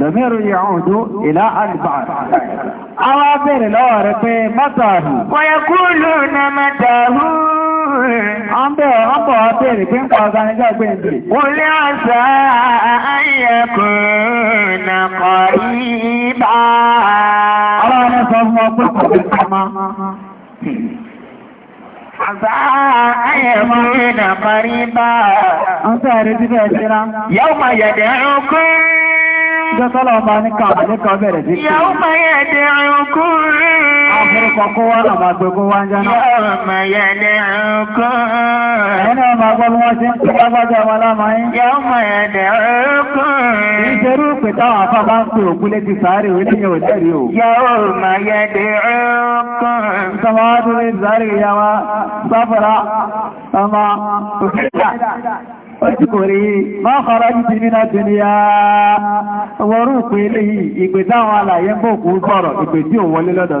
Dàmírù yàúdú ìlà àlìbàtì. A wá bèèrè lọ́wọ́ rẹ̀ pé mátàrù. Wọ́yẹ̀kúlù na mátàrù. A ń bẹ̀rẹ̀ wọ́n bọ̀ wá bèèrè pé ń pa ọ̀gá níjọ́ gbé ń bèèrè. Wọ́n lé àṣà ayẹ̀kùn nàkọ̀ ìbá. Ọlọ́run sọ fún ọ pé kò lè pa máa. Àṣà ayẹ̀kùn nàkọ̀ Ìjọ́sọ́lọ̀ ọba ní kààbà ní kan bẹ̀rẹ̀ sí. Ìyàwó máa yẹ ẹ̀dẹ̀ ọkùnrin. Afúrúkọ kó wá náà máa gbogbo wá ń jáná. Ìyàwó máa yẹ ẹ̀dẹ̀ ọkùnrin. Ẹni ọmọ agbọ́ bí wọ́n bá ń pè òkú létí sáré oníyàn ò tẹ̀rí o. Ìyàwó máa yẹ ẹ̀dẹ̀ ọkùnrin. Sọmọ Ọjọ́kòrí máa kọ̀rọ̀ ní ti nínú wọ́rú pé léyìí ìpè táwọn alàyé ń bòkú sọ̀rọ̀ ìpè tí ò wọlé lọ́dọ̀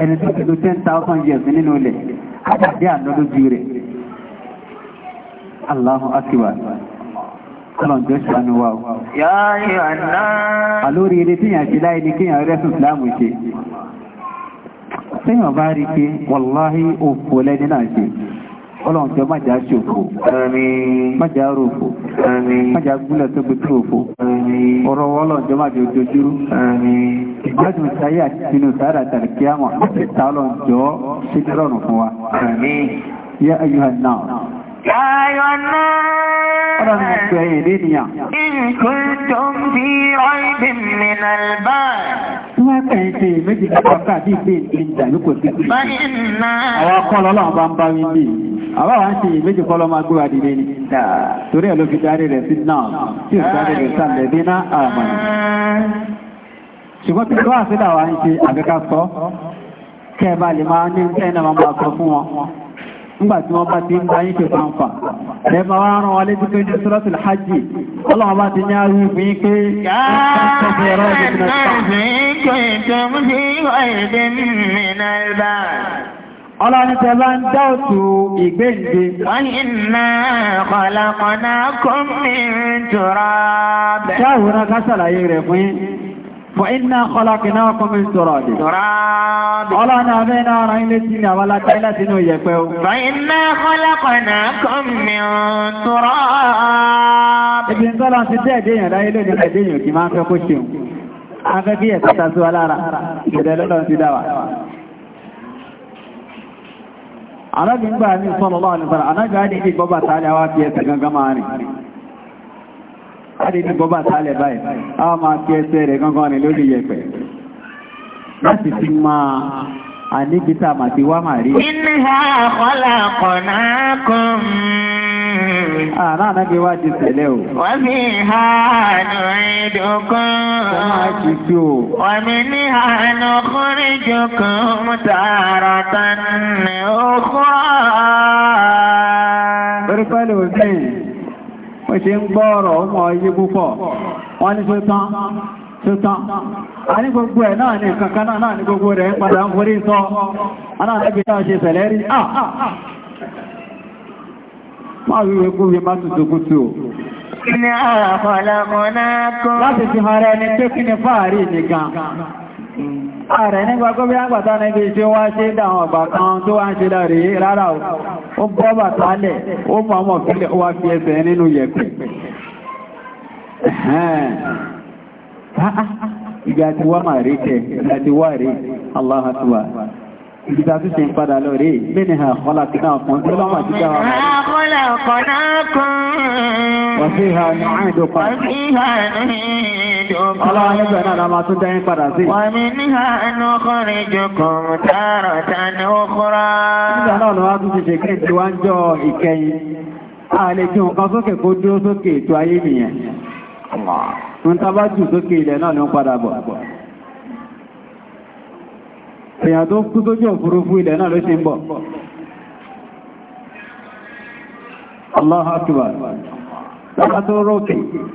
ẹni tó ti ten thousand years nínú ilẹ̀ àjàdé àlọ́lójú rẹ̀ Allahu akíwà kọlọ̀njọ́ ṣàánú wa alórí ilé tí yàn jílá ilé kí yàn rẹ́sùn láàmù ṣe tí yàn bá rí pé wàláhí òfò lẹ́ni náà ṣe ọlọ́run jọ májà ṣòfò májà ròfò májà gúnlẹ̀ tó gbé tó òfò ọ̀rọ̀ ọlọ́run jọ májà ojojúrú ìgbádùn sáyé àti tinú sáyà tàbí àmọ̀ àti ta ọlọ́run ṣe rọrùn fún wa. yẹ ayuha náà. Yáyọ̀ náà. Ọ̀rọ̀ mi kò ẹ̀yìn lé nìyàn. Ìkùntùn bí ọ̀ìdì mìíràn bá. Wọ́n pẹ̀yìn tí méjì kọ̀ọ̀kan káàdì ìgbé ìjà ló kò sí. Àwọn akọ́ bá ń bá wí bí. Àwọn àwọn ti méjì kọ́ máa gbé wa dìde ni. Torí ẹ̀ ló fi darí rẹ̀ sí náà tí ò darí rẹ̀ sálẹ̀ bí ná wa ń ṣe àgbẹ́ká sọ, kẹ́ẹ̀ bá lè máa ní ń tẹ́ nígbà tí wọ́n bá ti ń báyín ṣe fanfà ẹ̀bà wá rán wa létí pé ní suratul hajj ọlọ́wọ́ bá ti ní àrú ìgbìyàn pé Ọlọ́run tẹ bá ń dá òtù ìgbéǹde. Wọ́n iná kọ̀lọ̀kọ̀lá kó mìíràn فإنا خلقناكم من تراب تراب أولانا بينا رأينا سنة ولا تعالى سنو يكو فإنا خلقناكم من تراب ابن صلاة سنتين دين لا يلو دين دين كما في قشتهم أغبية تتسوى لارا جدلتهم تدوى Arábìngbà ní sọ́lọ́lọ́ àlùfàà, anágbà ní ìgbọ́bà tààlà wá fi ẹsẹ̀ gangan máa rìn láti ní bọ́bá tálẹ̀ báyìí a máa fi ẹsẹ̀ rẹ̀ gangan rìn lórí yẹ̀pẹ̀ láti fi máa àníkítà àti wá máa rí wá ti tẹ̀lé o. Wa fiha nu'idukum. Ṣọ́nà Orí pẹ́lú òbí. ó ṣe ń gbọ́ ọ̀rọ̀ ó mọ̀ iye púpọ̀ wọ́n ní tó a ní gbogbo ẹ̀ náà ní kankan náà ní gbogbo rẹ̀ padà ń forí sọ aláàrẹ́bí náà ṣe sẹ̀lẹ́rí máa kọ́? Láti fi hàn ni pé kí ni ààrẹ nígbà gómi àgbàtà níbi tí wá ṣe dáwọn ọgbà kan tó wá ń ṣe dáre rárá ó bọ́ bàtálẹ̀ ó mọ̀ọ́mọ̀ fílẹ̀ wá fi ẹsẹ̀ nínú yẹ̀pẹ̀ ìgbà wá màrí ìgbà wá rí Allah ìgbà tó ṣe ń padà lọ rí mínú ha kọ́lá kí náà fún ọdún lọ́wọ́ àti dáwà rẹ̀. kọ́lá kọ́lá kan. wọ́n fi ha ní àìdó pa. wọ́n fi ha ní ìjọ kan. ọlọ́wọ́ níbẹ̀ náà la máa tún dẹ́yìn èyàn tó kú sójú òfurufú ilẹ̀ náà ló ṣe ń bọ̀. Allahu Akbar. Tọ́lá tó rókè,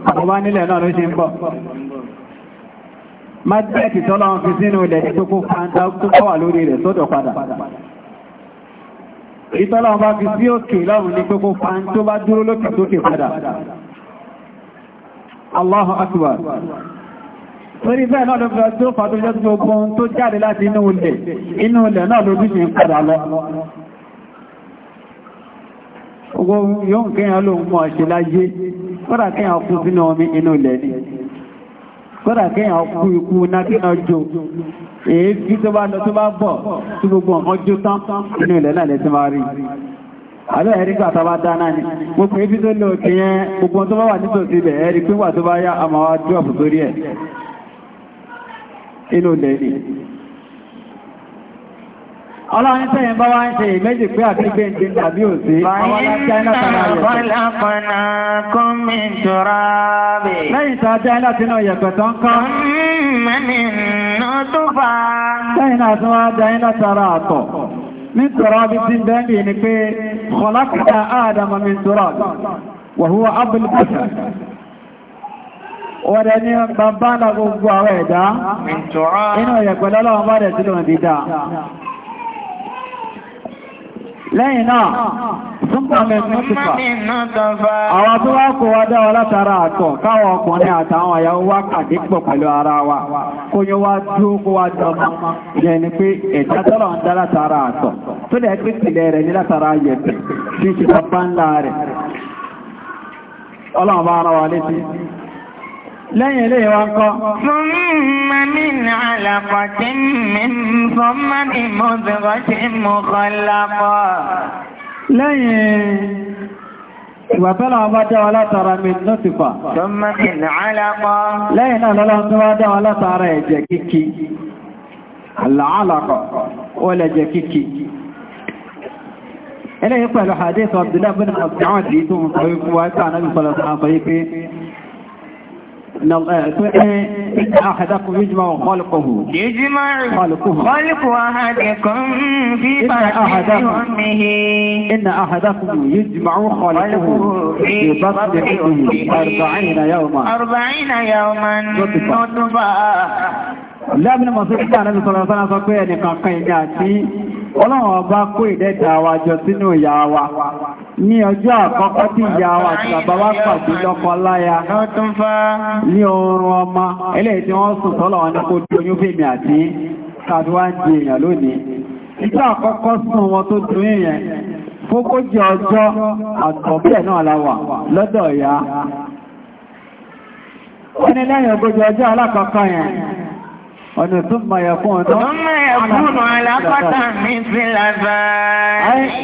àbúbá nílẹ̀ náà ló ṣe ń bọ̀. Má jẹ́ kì tọ́lá wọn fi sínú ilẹ̀ tí kókó fàndá kókó wà bá fi sí òkè lọ́rùn ní kókó fàndó bá dúró lókè sókè padà. Allahu Akbar torí bẹ́ẹ̀ náà lọ́gbọ́n tó fàtó jẹ́ gbogbo ohun tó jáde láti inú ilẹ̀ inú ilẹ̀ náà ló bí ṣe ń padà lọ ogbó yóò kíyàn ló ń mọ́ ṣe láyé kódà kíyàn kú ni kódà kíyàn kú ikú ná kíyàn jò èéfí tó bá lọ tó bá bọ̀ tí gbogbo ọ̀kan jó tán inú ilẹ̀ náà lẹ́tí máa rí àbẹ́ ẹ̀rí tàbá dáná ni mo pè é fi tó lò kíyàn gbogbo tó bá wà nítòsí ẹ̀rí pé tó bá yá àmàwà dúọ̀pù sórí ẹ̀ inú lẹ́ni ọlọ́rin tẹ́yìn bá wá ń ṣe ìmẹ́jì pé àti gbé ǹdí tàbí òsí àwọn alájáínà tàbí ayẹ̀kọ̀ lẹ́yìn tàbí ayẹ́ láti náà yẹ̀kọ̀ tán kán lẹ́yìn àti wọ́n ajáyẹ́ látara àtọ̀ ní tọ́rọ̀bí tí bẹ́ẹ̀lì ni wọ́n rẹ̀ ní bàbá náà gbogbo àwọn ẹ̀dá inú ìyẹ̀pẹ̀ lọ́lọ́wọ́ bá rẹ̀ sílò ìdídá lẹ́yìn náà súnpọ̀ mẹ́rin mọ́tífà àwọn tó wá kò wá dáwọ látara àtọ̀ káwọn ọkùnrin àtàwọn àyàwó wá kàdé pọ̀ pẹ̀lú ara wa kó yóò wá dúó kó wá dọ́mọ́ yẹn ni pé ẹ̀dá tọ́lọ̀ ń dá látara àtọ̀ tó lẹ́ pé tìlẹ̀ rẹ̀ ní látara yẹ̀pẹ̀ tí ṣe bá ń lá rẹ̀ ọlọ́run bá ara wa létí lẹ́yìn ilé wa ń kọ́. Súnmọ́ mi ní àlàkọ̀tí mi ń fọ́nmọ́ mi mú bẹ̀rọ̀ tí mo kọ́ lápọ̀. Lẹ́yìn ìgbà tọ́lá wọn bá dá wa látara mi nọ́tìfà. Súnmọ́ mi ní àlàkọ̀. Lẹ́yìn náà lọ́lọ́ tó wá dá látara ẹ̀jẹ̀ kíkí. Àlàálàkọ̀ ó lẹ̀jẹ̀ kíkí. Eléyìí pẹ̀lú Hadith Abdullahi bin Abdullahi tó ń sọ ikú wa ìgbà náà bí sọ̀rọ̀ أحدكم يجمع خلقه يجمع خلقه خلق أحدكم في بطن أمه إن أحدكم يجمع خلقه في بطن أمه أربعين يوما أربعين يوما نطفة لابن مصير كان النبي صلى الله عليه وسلم Ọlọ́run ọba kó ìdẹ́ta wa jọ sínú ìyá wa. Ní ọjọ́ àkọ́kọ́ tí ìyá wa àti bàbá wa pàdé lọ́kọ láya ní oorun ọmọ, eléyìí tí wọ́n sùn sọ́lọ̀ wọn ní kó dóyún fèmí àti kàdúwà di èèyàn lónìí ọ̀nà tó ma yà fún ọ̀nà ọmọ ẹ̀kùnù alápátà ní fílàbà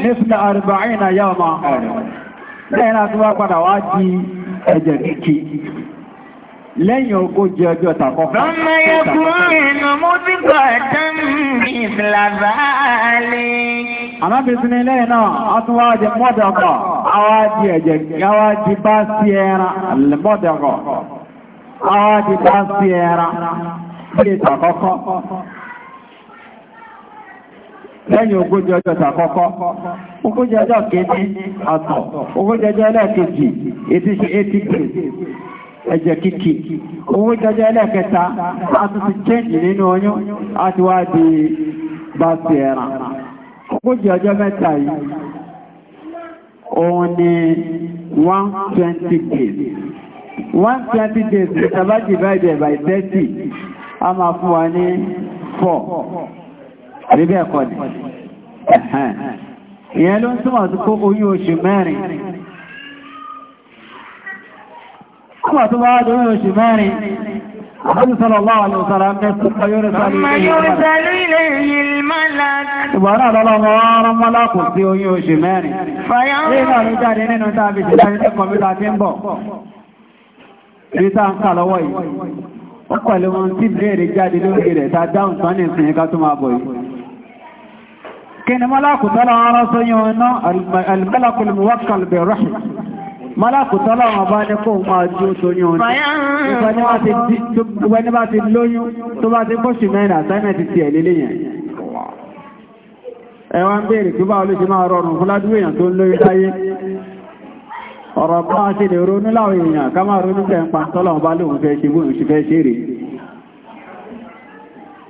ní fílà àrùbáyìnà yà ọmọ lẹ́yìn àti wá padà wá di ẹ̀jẹ̀ kíkí lẹ́yìn ogójì ọjọ́ tàkọ́ ọmọ ẹ̀kùnù mú ti gbọ̀ọ̀tán ní fílàbà Àmábìsí ni lẹ́yìn náà, a tún wá di mọ́dọ̀kọ̀, a ẹ̀jẹ̀, a bá sí ẹran, mọ́dọ̀kọ̀, a bá sí ẹran ilé tàkọ́kọ́ lẹ́yìn ogójì ọjọ́ tàkọ́kọ́ ogójì ọjọ́ kéjì àtọ̀ ogójì ọjọ́ ẹlẹ́ẹ̀kejì ètí ṣe 80 days ẹ̀jẹ̀ kíkì ogójì ọjọ́ ẹlẹ́ẹ̀kẹta a tún ti change nínú oyún a ti wá di bá ti ẹ̀ràn ogójì ọjọ́ mẹ́ta yìí òun ni 120 days 120 days ìtàbájì báyìí by 30 a máa fún wa ní 4 àríbẹ̀ ẹ̀kọ́ ni ìyẹn ló ń túnmọ̀ sí kó oyún oṣù mẹ́rin kúmọ̀ tó bá wájú oyún oṣù mẹ́rin Àbúrú sallallahu alaihi wasallam mẹ́sí ọyọ́rẹ́ sálú ilé ìlmọ́lá. Ìgbàrá lọ́lọ́wọ́ pẹ̀lú wọn tí bèèrè jáde lórí rẹ̀ ta dáhùn tán ní ìsìn ká tó máa bọ̀ yìí kí ni mọ́lákùtọ́lọ́ ọ̀rọ̀ sóyún ọ̀nà alìmọ́lákùlùmọ́kàl bẹ̀rọ̀ mọ́lákùtọ́lọ́ wọn bá ní kó máa jú sóyún ọ̀nà ìgbẹ́ni bá ti lóyún tó bá ti bóṣù mẹ́rin àtẹ́mẹ́tì ti ẹ̀lẹ́lẹ́ yẹn ọ̀rọ̀ bá ṣe lè ronú láwọn èèyàn ká máa ronú bẹ̀ẹ̀ pàtọ́lọ̀ bá lóun fẹ́ ṣe bóun ṣe fẹ́ ṣe rèé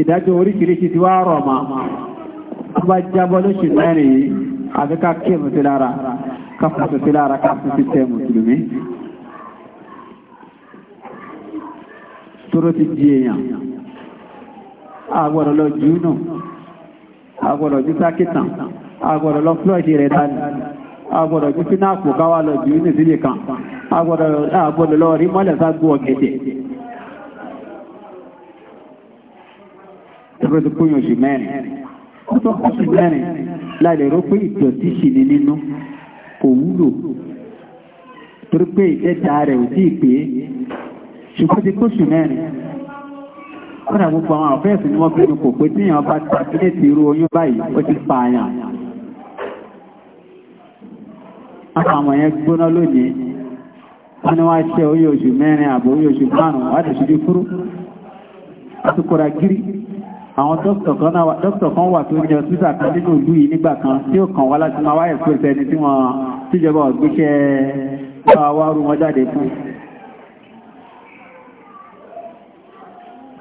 ìdájọ́ oríṣiríṣi ti wá rọ̀ ma tó bá jábọ́ lóṣù mẹ́rin yìí àfi ká kéèmù sí lára ká fòsò sí lára ká fún sí tẹ mùsùlùmí tóró ti di èèyàn àgbọ̀dọ̀ lọ jù nù àgbọ̀dọ̀ jù sákìtàn àgbọ̀dọ̀ lọ flọ́ọ̀ṣì rẹ̀ dání àgbọ̀dọ̀ jù sínáàpù káwà lọ jù nù sílé kan àgbọ̀dọ̀ lọ rí mọ́lẹ̀ sá gbọ́ ẹgbẹ́ tó kóyún oṣù mẹ́rin ó tó kó oṣù mẹ́rin láìlè rò pé ìdọ̀tí ṣì ní nínú kò wúlò torí pé ìdẹ́ta rẹ̀ ò tíì pé ṣùgbọ́n ti kó oṣù mẹ́rin kódà gbogbo àwọn àfẹ́ẹ̀sì ni wọ́n fi ní kò pé tíyàn bá tàbílẹ̀tì irú oyún báyìí ó ti pààyàn àwọn yẹn gbóná lónìí wọ́n ni wá ṣe oyún oṣù mẹ́rin àbò oyún oṣù márùn-ún wá ti ṣe fúrú àti kóra gírí àwọn dókítà kan wà tó jẹ́ ọ̀sísà kan nínú ìlú yìí nígbà kan tí ó kàn wá láti máa wáyẹ̀ pé ẹni tí wọ́n tíjọba ọ̀gbíṣẹ́ àwárú wọn jáde fún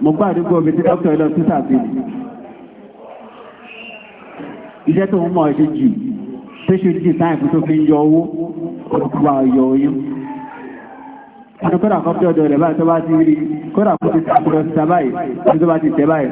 mo gbá àdúgbò omi tí dókítà ilọ̀ sísà sí iṣẹ́ tó ń mọ̀ ṣe jì tó ṣe jì sáyẹ̀ fún tó fi ń yọ owó òkúwa ọ̀yọ̀ oyún Àwọn kọ́dà kọ́pẹ́ ọ̀dọ̀ rẹ̀ báyìí tó bá ti rí, kọ́dà kó ti tàbí lọ tó bá ti tẹ̀ báyìí.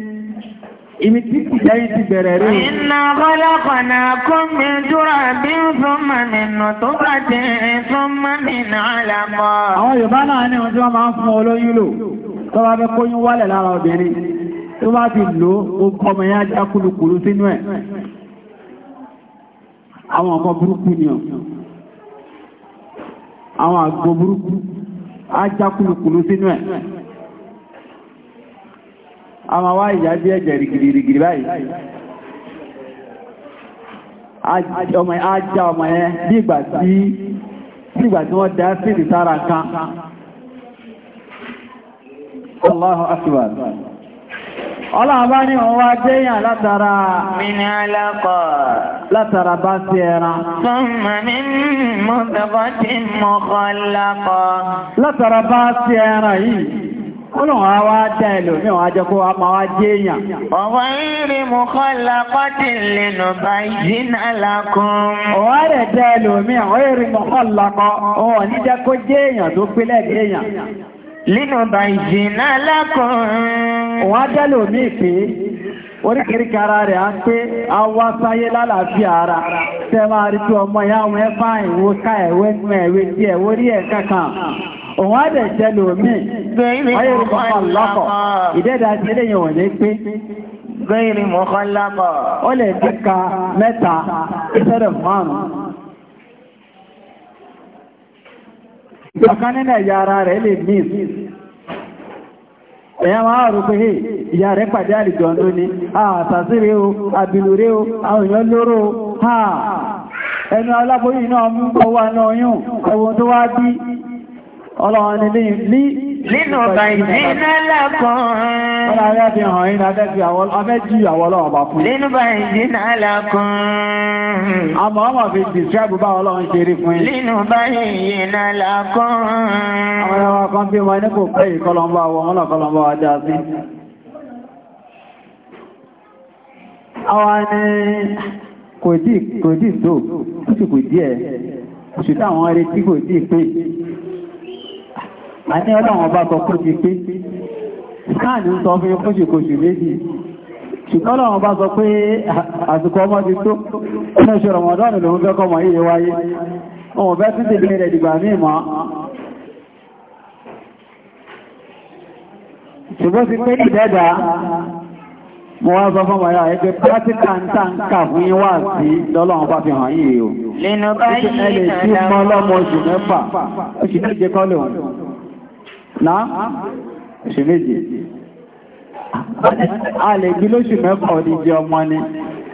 Ibi tí kì lẹ́yìn ti bẹ̀rẹ̀ rí. Iná kọ́lọ́kọ̀nà kún mi dúró bí fún mami nù tó bá ti fún mami náà lápọ̀. Àwọn Yorùbá náà ní ohun tí wọ́n máa ń fún olóyún lò tó bá fẹ́ kóyún wálẹ̀ lára obìnrin tó bá ti lò ó kọmọ yá já kúlùkùlù sínú ẹ̀. Àwọn ọkọ̀ burúkú ni ọ̀. Àwọn àgbò burúkú á já kúlùkùlù sínú ẹ̀ a máa wá ìyá jẹ́ ẹ̀jẹ̀ rìgìrìgìrì báyìí ajá ọmọ ẹ nígbà tí wọ́n dá sí ìsára kan Allahu akbar ọlọ́ọ̀bá ní wọ́n wá jẹ́yàn látara mìnà alákọ̀ látara bá sí ẹran sọ́mà ní mọ́tàbá tí mọ́kànlákọ̀ látara bá sí ẹran yìí Ọlọ́run a wá dá ẹlò ní àwọn ajẹ́kọ́ wa máa wá jẹ́ èèyàn. Ọ̀wọ́ ìrì mú kọ́ lápọ́tì lẹ́nu bá ìjìnà lákún. Ọwọ́ rẹ̀ dá ẹlò mí àwọn ìrì mú kọ́ lápọ́, ọwọ́ ní jẹ́ kó jẹ́ èèyàn tó pínlẹ̀ èèyàn. Lẹ́nu bá ìjìnà lákún. Ọwọ́ dá ẹlò pé oríkèríkè ara rẹ̀ á ń pé a wá sáyé lálàáfíà ara tẹ́ máa rí tí ọmọ ìyá àwọn ẹfà ìwò ká ẹ̀wẹ́ nú ẹ̀wẹ́ tí ẹ̀wọ́ rí ẹ̀ kankan òun á dẹ̀ jẹ́ lòmí ayé rí kọ́kọ́ lọ́kọ̀ ìdẹ́dà tẹ́lẹ̀ yẹn wọ̀n ní pé gbẹ́rin mọ́kọ́ ẹ̀yàn máa rò pé ìyà rẹ̀ pàdé àrìjọ ló ní àtàsírí o àbìlúrí o àwòyàn èèyàn lóró ha ẹnu aláboyìn náà mú ọwà náà yùn ẹwọ́n tó wá bí ọlọ́wọ́n ni ní Nínú bàìjínà lákan. Ọlá rẹ̀ fi hàn yín lábẹ́ fi àwọn ọmẹ́jì àwọn ọlọ́run bá fún. Nínú bàìjínà lákan. Àmọ́ ọmọ fi dìsẹ́bù bá ọlọ́run ṣe fún yín. Nínú bàìjínà lákan. Àwọn ẹwà kan bí wọn ní kò pẹ́ ìkọlọ́mbà wọn, sí. ni kò dì tó, kò sì kò díẹ̀, kò sì táwọn kò dì pé. a ní ọlọ́wọ́n bá sọ kó ti pé sáàdì ń sọ fún kóṣìkóṣì méjì ṣùgbọ́n ọlọ́wọ́n bá sọ pé àsìkò ọmọ ti tó ẹ̀ṣù rọmọdọ́nù lòun fẹ́ kọmọ yíye wáyé ohun fẹ́ tún tèbí rẹ̀ dìgbà míì mọ́ ṣùgbọ́n ti pé ìdẹ́dà mo wá sọ fọ́mọ̀ yára ẹgbẹ́ pátíkà ń tà ń kà fún yín wà sí lọ́lọ́run bá fi hàn yíyẹ o. lẹ́nu báyìí ẹlẹ́sìn mọ́ lọ́mọ oṣù mẹ́fà oṣù méje kọ́lẹ̀ òun náà oṣù méje a lè gbí lóṣù mẹ́fà òdíjẹ ọmọ ni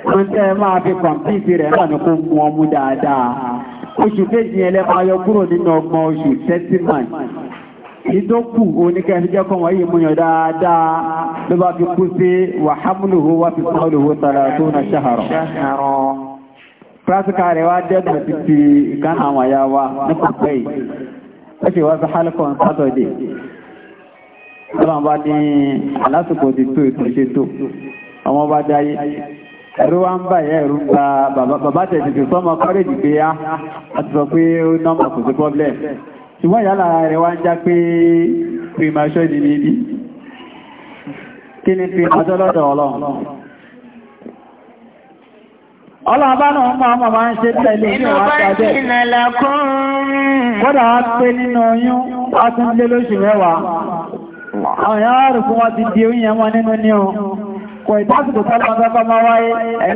wọ́n tẹ́ máa fi kọ̀mpíìtì rẹ̀ náà ní kó gun ọmú dáadáa oṣù méje ẹlẹ́fà yọ kúrò nínú ọgbọ̀n oṣù tẹ́tìmọ̀n ìdókù oníkẹ́ẹ̀ẹ́jẹ́ kan wọ́n yìí múyàn dáadáa ló bá fi kú sí wàhámùlùhó wá rẹ̀ wá dẹ́gbẹ̀ẹ́ ti ìkánà àwọn àyà wa nípa pẹ́yì ó ṣe wá sí hálùkọ̀ on Saturday ọlọ́run bá ní alásìkò ti tó ètò ṣe tó ọmọ bá dáyé ẹ̀rú wá ń báyẹ̀ ẹ̀rú gba bàbá tẹ̀sìtì sọ́mọ kọ́rẹ́jì pé á ah, àti sọ pé ó nọ́mà kò sí problem ṣùgbọ́n ìyá rẹ̀ wá ń já pé premature ni níbi kí ni premature lọ́dọ̀ ọlọ́run Ọlọ́ọ̀bá náà máa ma máa ń ṣe tẹ̀lé ní wọ́n tàbí. Kọ́dà wá máa wáyé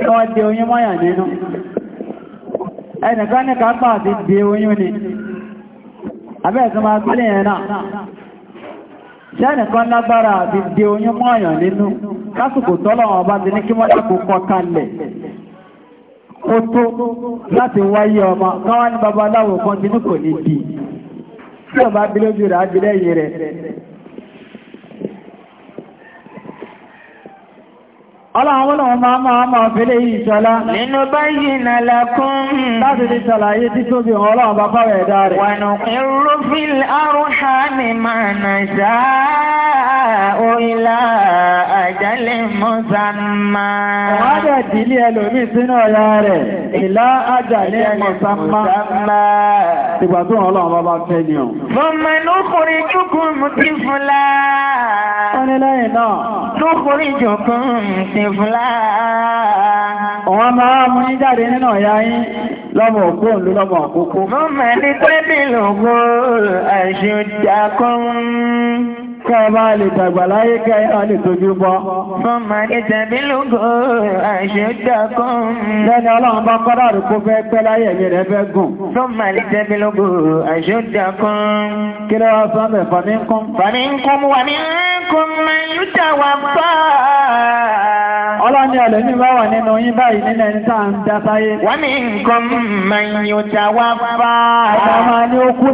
wọ́n di oyún mọ́yàn nínú. Ẹnìkan ní àti di ni. Abẹ́ ẹ̀kan máa gbílẹ̀ yẹn náà. Ṣé ẹnìkan lágbára àti di oyún mọ́yàn nínú? Kásìkò ó tó láti wáyé ọmọ káwọn ní kan ti kò ní bí tí ọba bílójú rẹ̀ á bí lẹ́yìn rẹ̀ Ọlọ́run máa máa máa fẹ́lẹ̀ yìí ṣọlá. Nínú báyìí na lákún. Láti lè ṣàlàyé tí tó bí ọlọ́run bá fáwẹ̀ ẹ̀dá rẹ̀. Wọ̀nà ìrúfin àrùhà ni máa nà já òìlà àjálẹ̀ mọ́sánmá. Wọ́n dẹ̀ dìlé ẹlòmí sínú ọ̀yá rẹ̀, ìlà àjálẹ̀ mọ́sánmá. Ìgbà tó ọlọ́run bá tìfúlá. Òun máa mú ní jáde nínú ọ̀yá yín lọ́mọ òkú òǹlú lọ́mọ òkúkú. Mọ́mọ́ ní pẹ́bí lògbò àṣùdàkùn ká máa lè dàgbà láyé ká yá lè tójú bọ́. Fún màá ní tẹ̀bí lógo àṣẹ́dàkùn. Lẹ́ni ọlọ́run bá kọ́dà rí kó fẹ́ pẹ́ láyé ẹ̀mí rẹ̀ fẹ́ gùn. Fún màá ọ̀lẹ́ ní bá nínú yín báyìí nínú ẹni tá ń já sáyé. Wọ́n ní nǹkan máa ń yọjà wá bá. Ọ̀dà máa ní ó kú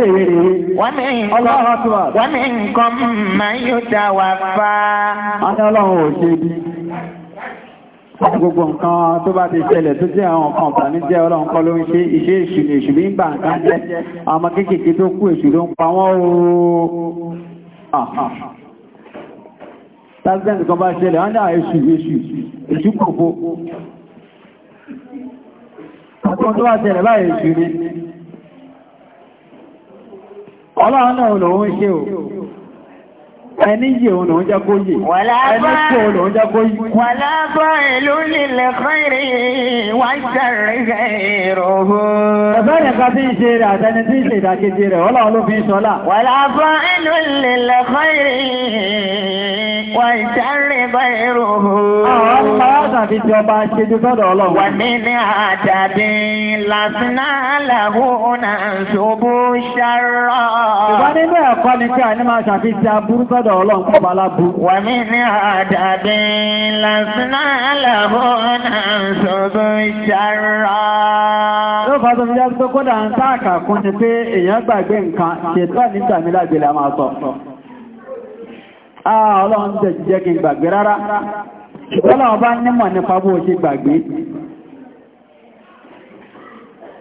Wọ́n ní nǹkan máa yóò dá wà fá. a ní ọlọ́run ò ṣe bí gbogbo nǹkan tó bá ti ṣẹlẹ̀ tó jẹ́ àwọn nǹkan ọ̀pàní jẹ́ ọlọ́run kọ́ ló ń ṣe iṣẹ́ èṣù ní èṣù ní ìgbà nǹkan jẹ́ àwọn ọmọ kéékèèké tó kú èṣù ló ń pa wọ́n ooo tásílẹ̀ǹtì kan bá ṣẹlẹ̀ wọ́n ní èṣù èṣù èṣù kòkó ọkùn tó wá ṣẹlẹ̀ báyìí èṣù ni ọlọ́run náà lòun ṣe o ẹni yìí òun lòun jẹ́ kó yìí ẹni tí òun lòun jẹ́ kó yìí. wà lábọ́ ìlú nílẹ̀ fẹ́rẹ̀ wá jẹ́rẹ̀ ìrọ̀hó. ẹ̀fẹ́ nìkan tí ń ṣe rẹ̀ àtẹni tí ń ṣe ìdàkejì rẹ̀ ọlọ́run ló fi ń ṣọlá. wà lábọ́ ìlú nílẹ̀ fẹ́rẹ̀ wá jẹ́rẹ̀ ìrọ̀hó. àwọn ọmọ ọ̀sán fi ti ọba ṣe ju sọ́dọ̀ ọlọ́run. wà mí ní àjàdé lásìnà làhùn náà ṣòbó ṣàrọ̀. ìwà nínú ẹ̀kọ́ ni pé àní máa ṣàfihàn burúkọ́ lọ́dọ̀ ọlọ́run kọ́ bá lábú. wà ní ní àdàbí lásìlá làbọ̀n àṣọ́dọ̀ ìṣàrà. ló fà tó fi jẹ́ kódà ń táàkà kún ni pé èèyàn gbàgbé nǹkan ṣètò nígbà mi lágbèlè máa sọ. ah ọlọ́run jẹ́ kí n gbàgbé rárá. ṣùgbọ́n làwọn bá nímọ̀ nípa bó ṣe gbàgbé.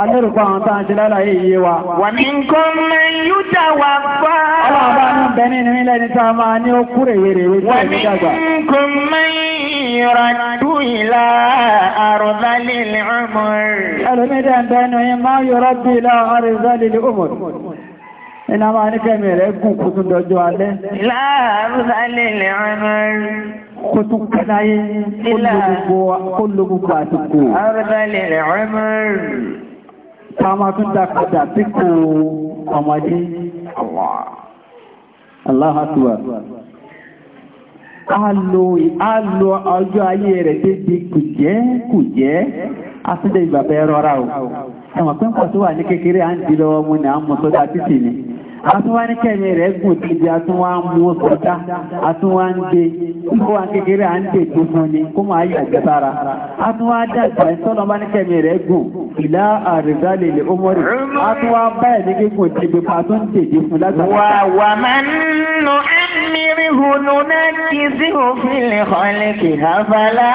alẹ́rùkọ́ àwọn tàà ṣe lálàyé iye wa. wà ní nǹkan mẹ́ yúta wà fà. ọlọ́ọ̀bá ní bẹ ní ìrìn lẹ́ni tàà máa ní ó kúrè iná máa ní kẹ́mi rẹ̀ gùn kó tún dọjọ́ alẹ́. ìlà àrùbálẹ̀ lẹ́ọ̀mọ̀r. tún kẹ́láyé kó lo gbogbo àtìkù. àrùbálẹ̀ lẹ́ọ̀mọ̀r. káàmà tún dákàtà pípò ọmọdé Allahu Akbar a lo ọjọ́ ayé rẹ̀ tí di kùjẹ́ kùjẹ́ asídẹ̀ ìgbàfẹ́ rọra o ẹmọ̀ pẹ́ńpọ̀ tó wà ní kékeré à ń di lọ́wọ́ mú ní àmú sódá títì ni àtúnwánikẹ́mi rẹ̀ gùn ti di àtúnwá mú sọ́dá àtúnwá ń de kó wa kékeré à ń de tuntun ni kó máa yà jẹ́tara àtúnwá dàgbà ìsọ́nàbánikẹ́mi rẹ̀ gùn ìlà àrùdá lèlè ọmọrì àtúnwá báyìí ní gígùn ti pàtó ń dèjì fún lágbàá. wà wà máa ń nù nunajjizuhu fil khalqi afala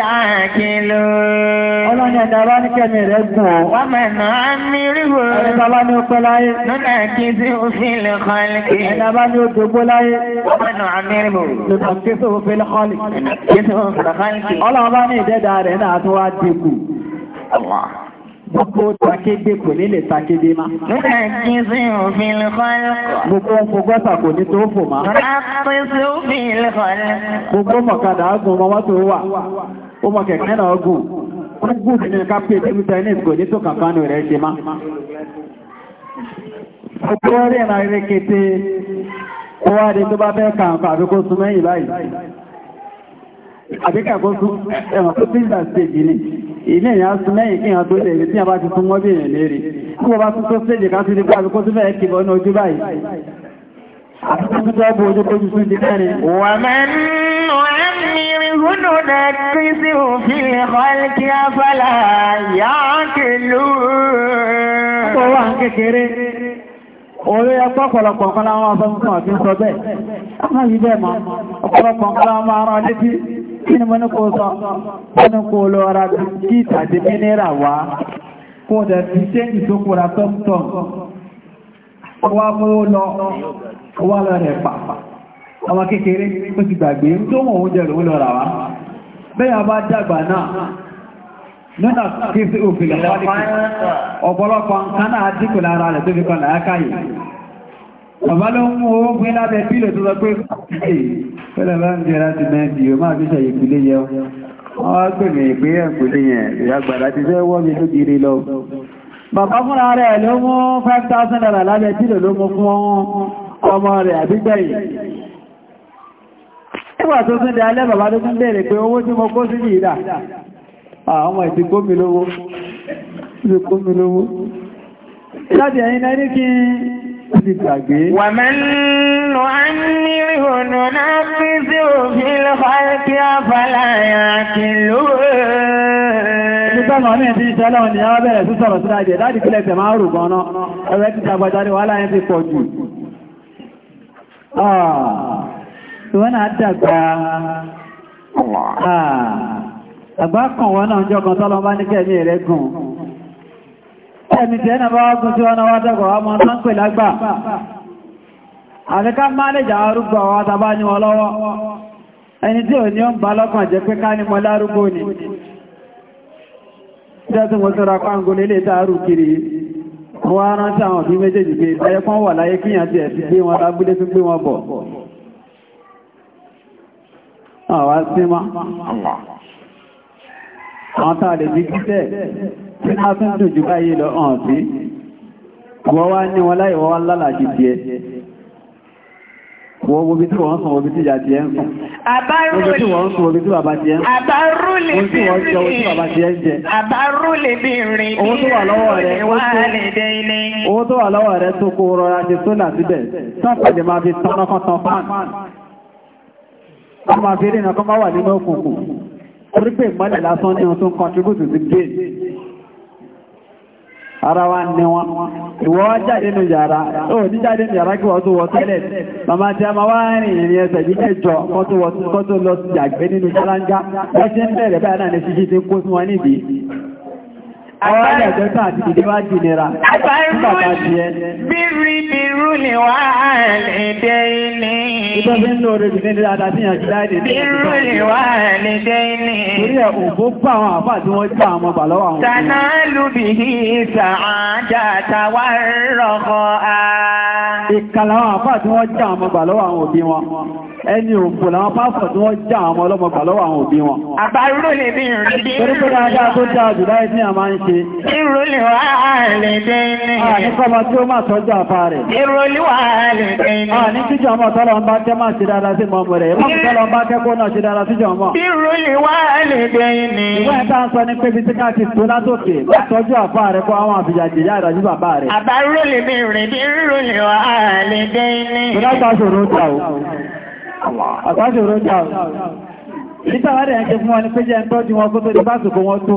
ya'qilun. Ọlọ́ni ẹ̀dà bá ní kẹ́mi rẹ̀ gùn ọ́. Wọ́n mọ̀ náà mírìwò. Ẹ̀dà bá ní ọpẹ́ láyé. Nunajjizuhu fil khalqi. Ẹ̀dà bá ní odògbó láyé. Wọ́n mọ̀ náà mírìwò. Nunajjizuhu fil khalqi. Nunajjizuhu fil khalqi. Ọlọ́run bá ní ìdẹ́dà rẹ̀ náà tún wá dínkù. Gbogbo takéde kò ní lè ma. má. Nígbà tí sí òfin lọ́lọ́kọ̀. Gbogbo fògọ́ta kò ní tó fò má. Láti sí òfin Gbogbo mọ̀kadà ágùn ọmọ wọ́n tó wà. Ó mọ kẹ̀kẹ́ náà gùn. Ó gùn nínú kápẹ́ tẹ́lú tennis kò ní tó kàkánù rẹ̀ ṣe má. Gbogbo rẹ̀ náà rẹ̀ kété. Ó wá àdíkà kó ẹ̀wọ̀n tó tíńdà stéjì ni ilé èèyàn sún lẹ́yìn kí èèyàn tó lè rí tí a bá ti sún mọ́bí èèyàn lérí kí wọ́n bá tún tó stéjì ká tún ní pàbí kó tún fẹ́ẹ̀ ní ojú báyìí orí ẹgbọ́ ọ̀pọ̀lọpọ̀ kan láwọn afẹ́mùsùn àti ń sọ bẹ́ẹ̀. A máa yí ọ̀pọ̀lọpọ̀ kan láwọn máa rán létí kí ni ní kó sọ mo ní kó lọ ra kí tàbí mínírà wá kó dẹ̀ fi tọ́mtọ́ wá lọ wá lọ rẹ̀ pàpà ọmọ kékeré ó ti gbàgbé tó mọ̀ oúnjẹ lòun lọ rà wá bẹ́yà bá dàgbà náà nínà kí sí òfin ọ̀pọ̀lọpọ̀ nǹkan náà dínkù lára rẹ̀ tó fi Bàbá ló mú owó gbé lábẹ́ pílò tó sọ pé pẹ́lẹ̀ bá ń jẹ láti mẹ́bí o máa fi ṣe ìpìlẹ̀ yẹ o. Wọ́n wá pè mí pé ẹ̀kùnlé yẹn ìyàgbàdà ti fẹ́ wọ́ mi lógiri lọ. Bàbá fúnra rẹ̀ ló mú 5,000 naira lábẹ́ pílò ló mú fún ọmọ rẹ̀ àbígbẹ̀yìn. Nígbà tó tún dé alẹ́ bàbá ló tún bèèrè pé owó tí mo kó sí ìdá ó ti gbàgbé. wà mẹ́nu àmì ìhònà náà fi sí òfin lọ́fà kí a fàlà àti lóòrè. ẹni sọ́nà ọ̀nà ìdí iṣẹ́ lọ́wọ́ ni a bẹ̀rẹ̀ sí sọ̀rọ̀ síra jẹ̀ láti kílẹ̀ tẹ̀ máa rò gan-an ẹ̀rọ ti dàgbàjá ẹni tẹ́ náà bá wákún tí wọ́n náà wátẹ́kọ̀ wá mọ́ tán pè lágbà àríká mánéjà arúgbà wá tàbá ní wọn lọ́wọ́ ẹni tí ò ní ó ń bá lọ́kàn jẹ́ pé ká ní mọ́ lárúgbò ní jẹ́ tí mo tọ́ra pàǹgó lélé tààrù kiri wọ́n á rántí àwọn òbí àwọn símá àwọn tààlẹ̀ bí kíṣẹ́ tí wọ́n tún dùn jù báyìí lọ hàn sí wọ́n wá ní wọn láì wọ́n wá lálàjì díẹ̀ wọ́n wo bí tí wọ́n sùn wo bí tí ìyá tiẹ̀ ń sùn wo bí tí wọ́n sùn wo bí tí bàbá tiẹ̀ ń sùn wo bí wọ́n jẹ wo tí bàbá tiẹ̀ ń jẹ. owó tó wà lọ́wọ́ rẹ̀ owó tó wà lọ́wọ́ rẹ̀ tó kó rọra ti tó là síbẹ̀ tán pàdé máa fi tán lọ́kàn tán fán ara wa ní wọn ìwọ jáde nù yàrá ó ní jáde nù yàrá kí wọ́n tó wọ tẹ́lẹ̀ màmá tí a máa wá rìn ìrìn ẹsẹ̀ yìí mẹ́jọ kọ́ lọ sí àgbẹ̀ nínú ṣáláńgá wọ́n ṣe ń bẹ̀rẹ̀ báyìí náà ní ṣíṣí ti kó sí wọn nídìí Ọ̀rọ̀ ẹ̀gbẹ́ta àti ìdí wá jì nira. Bírí bírú ni wà lédè ilé. Ìtọ́ bí ń lò rẹ̀ jùlẹ̀ ní àdá síyàn jù láìdè. Bírú ni wà lédè ilé. Torí ẹ̀ òbó pa àwọn àfáà tí wọ́n gbà àwọn bà lọ́wọ́ àwọn. Tànà lùbì ìsàájà tàwa rọ̀kọ̀ á. Ìkàlà àwọn àfáà tí wọ́n já àwọn lọ́wọ́ àwọn òbí wọn. Ẹni òǹkò làwọn pápọ̀ tí wọ́n já àwọn ọlọ́mọ lọ́wọ́ àwọn òbí wọn. Àbárúrò lè bí ìrìn ṣe. Ìrọ̀lì wà lè dé ní. A ní kọ́mọ tí ó máa tọ́jú àpá rẹ̀. Ìrọ̀lì wà lè dé ní. A ní kíjọ ọmọ tọ́lọ ń bá tẹ́ máa ṣe dára sí mọ́mọ́ rẹ̀. Ìmọ̀ tọ́lọ ń bá kẹ́kọ́ náà ṣe dára síjọ mọ́. Ìrọ̀lì wà lè dé ní. Ìwé ẹ̀ta ń sọ ní pé bíi tíká ti tó látòkè. Má tọ́jú àpá rẹ̀ kó àwọn àfìjàjì yá ìrọ̀jú bàbá rẹ̀. Àbá rọ̀lì mi rìn bí rọ̀lì wà lè dé ní. Ìrọ̀lì wà lè ẹ̀kẹ́ fún wọn ni pé jẹ́ ń tọ́jú wọn kó tó di básùkò wọn tó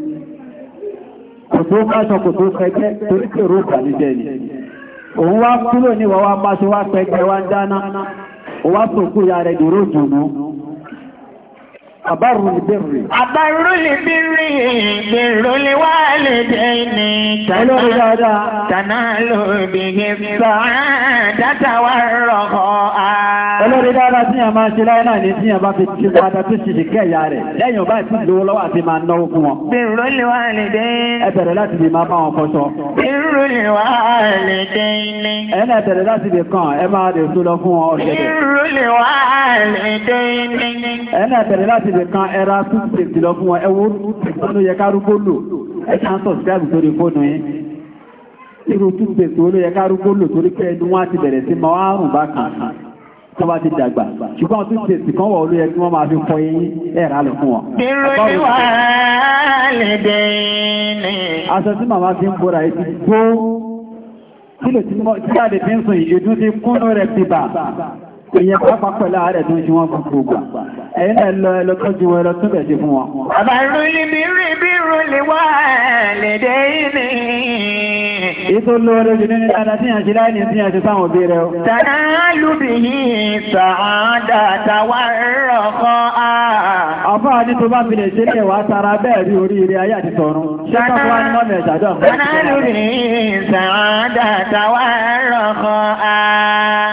kò tó máṣọ kò tó fẹ́gbẹ́ torí pé rúkà níjẹ́ ni òun wá kúrò ní wọ́n wá máṣọ wá fẹ́gbẹ́ wá dáná ó wá sòkú ya rẹ̀ dúró jùmú Àbárù ìbẹ̀rù. Àbárù ìbẹ̀rù ìgbèrò lè wá lè jẹ́ ní tàná lóbi gbẹ̀rọ dátàwà rọ̀kọ̀ á. Olórí dáadáa tí a máa ṣe láyé náà ní tí a bá fi ti padà tó ṣe kẹ́ ìyá rẹ̀. Lẹ́yìn ọba ìtú lówó lọ́wọ́ àti máa náwó fún wọn. Gbèrò lè wá lè dé. Ẹ bẹ̀rẹ̀ láti lè máa bá wọn kọ́ṣọ́. Gbèrò Gbèrò lè wá lè dé ilé. Ẹ náà bẹ̀rẹ̀ láti ibì kan ẹra tún ṣe jùlọ fún wọn ẹwọ́ ìgbónú yẹ kárúgbó lò ẹ̀ṣà ń sọ̀sìdáàbù fóònù yẹn irú tún ṣe tó ló yẹ kárúgbó torí pé ẹnu wọn ti bẹ̀rẹ̀ sí máa rùn bá kàn tó bá ti dàgbà ṣùgbọ́n tún ṣe sì kan wọ̀ ló yẹ kí wọ́n máa fi fọ eyín ẹ̀rà lọ fún wọn. aṣọ tí màmá lè tí Ìyẹn pàápàá pẹ̀lú ààrẹ tó ń ṣe wọ́n gbogbo gbà. Ẹ̀yìn náà lọ ẹlọ́tọ́jú wọn ẹlọ́tún bẹ̀ sí fún wọn. Àbàrú ibi rí bí rú lè wá lédè ní. Ètò lóore jù nínú dáadáa tí yàn ṣe láì ní tí yàn ṣe sáwọn òbí rẹ̀ o. Tàná lùbí yìí sàádà tàwa rọ̀kọ́ á. Ọ̀fọ́ àti tó bá fi lè ṣe lè wá tara bẹ́ẹ̀ rí oríire ayé àti tọ̀run. Ṣé tọ́kọ wá ní mọ́mẹ́ ìṣàdọ̀? Tàná lùbí yìí sàádà tàwa rọ̀kọ́ á.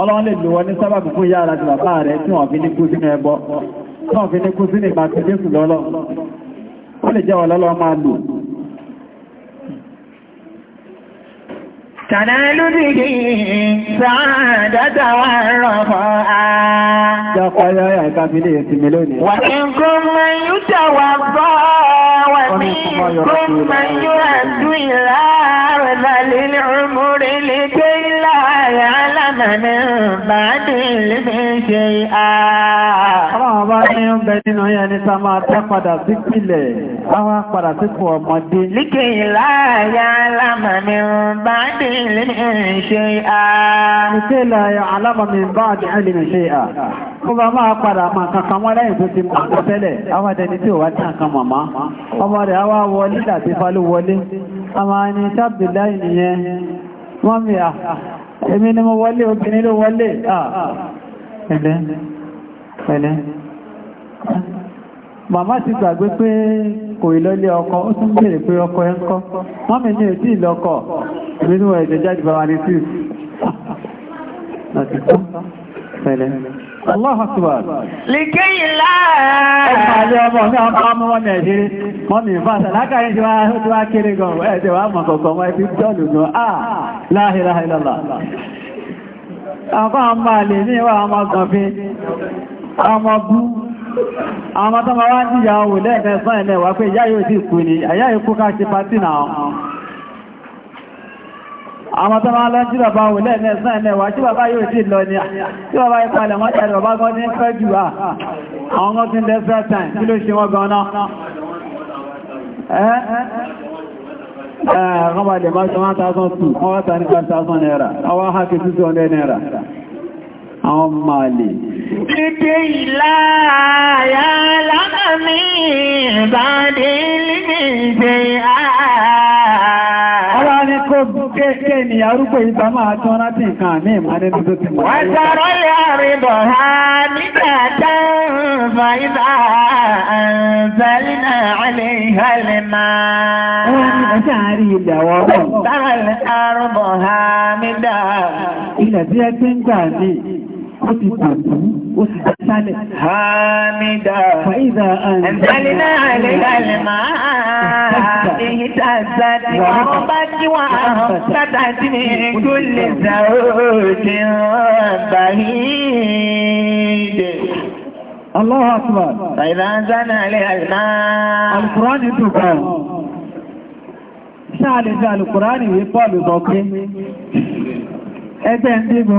ọlọ́run lè lò wọ́n ní sábàbí fún yára jù bàbá rẹ̀ tí wọ́n fi ní kú sínú ẹbọ náà fi ní kú sínú ìgbà tí jésù lọ́lọ́ ó lè jẹ́ ọlọ́lọ́ máa lò Tànàlú dìdì sáàdátà wà rọ̀fọ́ àà. Jọ́pọ̀ yọ́ àìkàbílé ìsinmi lónìí. Wà يعلم من بعد الذي شيئا Ọlọ́run bá ní ń bẹ nínú yẹn ní sá máa tẹ́ padà sí ìpìlẹ̀, àwọn padà sí fún ọmọdé. Líkè láàyà alámàmì bá dé lè ṣe à. Líkè láàyà alámàmì bá dé lè ṣe à. Kó bá máa padà máa kankan mọ́ lẹ́yìn tó ti mọ̀ tẹ́lẹ̀, àwọn ẹni tí ò wá tí àkan màmá. Ọmọ rẹ̀ á wá wọlé dàbí falú wọlé. Àmà ni tábìlì láì nìyẹn, wọ́n mi à èmi ni mo wọlé obìnrin ló wọlé ẹ̀lẹ́ ẹ̀lẹ́ màmá ti gbàgbé pé kò ìlọ́lé ọkọ ó tún bèèrè pé ọkọ ẹ ń kọ́ mọ́mí ní èdè ìlọ́kọ̀ ìbínú ẹ̀jẹ̀ jáde bá wà ní sí Allahu Akbar. Lìkẹ́ ọmọ ọmọ ah, la ilaha illallah. Àwọn ọmọ àlè ní ìwà ọmọ gànfin, ọmọ bú, àwọn ọmọ tó máa wá ń jíyà wò lẹ́ẹ̀mẹ́sán ẹ̀lẹ́wà pé ìyá yóò sì àwọn tó máa lọ́n tí bàbá wù lẹ́ẹ̀mẹ́ ẹ̀sán ẹ̀mẹ́ wà tí bàbá yóò sí lọ ní tí bàbá ìpalẹ̀ wọ́n tàbí bàbá gan ní fẹ́ jù wà àwọn ọmọ tí ń dẹ́sẹ̀ tàn kí ló ṣe wọ́n gan náà ẹ̀ẹ́rọ ma lè máa ṣe 1,002 wọ́n wá ta ní 5,000 naira àwọn ahàkì 600 naira àwọn máa lè dídé ìlà àyà lámàmí ìbádé àà kẹ́ ènìyàn arúgbó ìgbà máa tán láti nǹkan àmì ìmá nínú tó ti mọ̀. Wọ́n sọ̀rọ̀ láàrin bọ̀ ha nígbà tán fàíbà àǹzàlínà alẹ́ ìhàlẹ̀ máa. Ẹ̀ṣẹ́ àárín ilẹ̀ àwọn ọ̀rọ̀ ó ti pàtó ó sì dá sálẹ̀. Hamida. Fàíza àná. Ẹ̀sẹ̀lẹ̀ náà lè kalẹ̀ máa èyí tá a sá ti wọ́n bá tí wọ́n àwọn tátà tí Akbar. Fàíza àná lè kalẹ̀ máa. Alukùránì dùn kan. Ṣáà lè ṣe Alukùránì wí Pọ́ọ̀lù ẹgbẹ́ ń dìbò.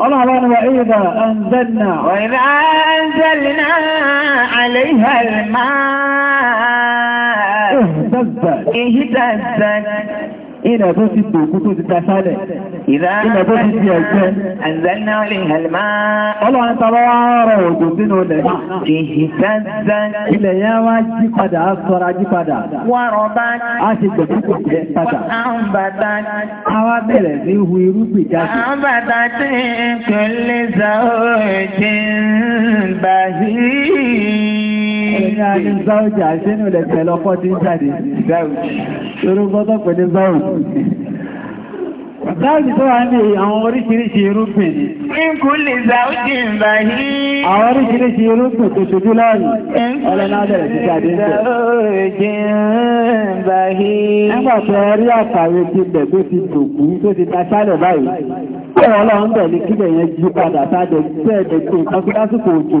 الله وإذا أنزلنا وإذا أنزلنا عليها الماء اهتزت اهتزت ìnà tó ti gbòkú tó ti ta sálẹ̀ ìnà tó ti di ẹ̀gbẹ́ àzánà lè hàlmá ọlọ́run tọrọ ọ̀rọ̀ ògùn sínú ilẹ̀ ilẹ̀ yẹn wá jí padà á sọ́ra jí padà á ti gbẹ̀kú kò jẹ́ padà á wá bẹ̀rẹ̀ àwọn bàtà tí kò lè sọ òjì ń bàyìí ní a ní záújà ṣe ní ilẹ̀ pẹ̀lú ọkọ́ tí ń jáde orúgbọ́tọ̀ pẹ̀lú záújì tó wà ní àwọn oríṣiríṣi irúgbìn ní kú Ọ̀rọ̀ ọlọ́run bẹ̀ ní kíbẹ̀ yẹn jí padà sáàdẹ̀ tẹ́ẹ̀dẹ̀ tó ìtàkùdásùkò òjò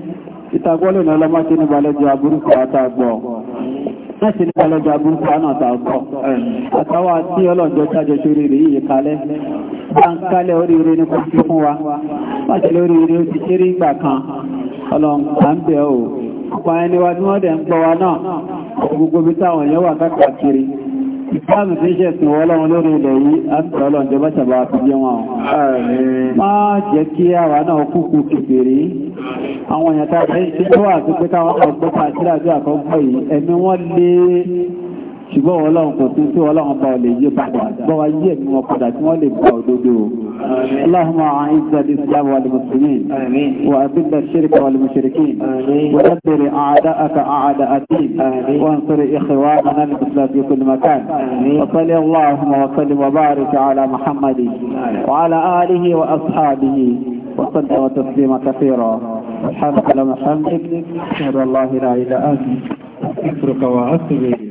ìtagbọ́lẹ̀ náà lọ́mọ́ sí ní balẹ̀jọ aburúkú àtàgbọ̀ láti ní balẹ̀jọ aburúkú àtàgbọ̀ àtàwà tí ọlọ́jọ́ jájọ sórí rẹ̀ yìí kalẹ̀ bá ń kalẹ̀ oríire ní kò sí fún wa máṣẹ̀lẹ̀ oríire ó ti kéré ìgbà kan ọlọ́nkà ń bẹ̀ ò ọ̀pọ̀ ẹni wa tí wọ́n dẹ̀ Ìsáàmù tí ṣe sùn ọlọ́run lórí ilẹ̀ yìí, a ń tọ́ ọlọ́run jọba ṣàbá àfijẹ́ wọn. Máa jẹ́ kí àwa náà kúkú kìfèrè. Àwọn èèyàn tàbí tó wà sí pé ṣùgbọ́n wọn lọ́wọ́ kò sí tí wọn lọ́wọ́ bá ọ lè yé padà bọ́ wa yé ẹ̀mí wọn padà tí wọ́n lè gba òdodo. اللهم أعز الإسلام والمسلمين وأذل الشرك والمشركين ودبر أعداءك أعداء الدين وانصر إخواننا المسلمين في كل مكان وصل اللهم وسلم وبارك على محمد وعلى آله وأصحابه وسلم وتسليما كثيرا الحمد لله وحمدك أشهد الله لا إله إلا أنت أستغفرك وأتوب إليك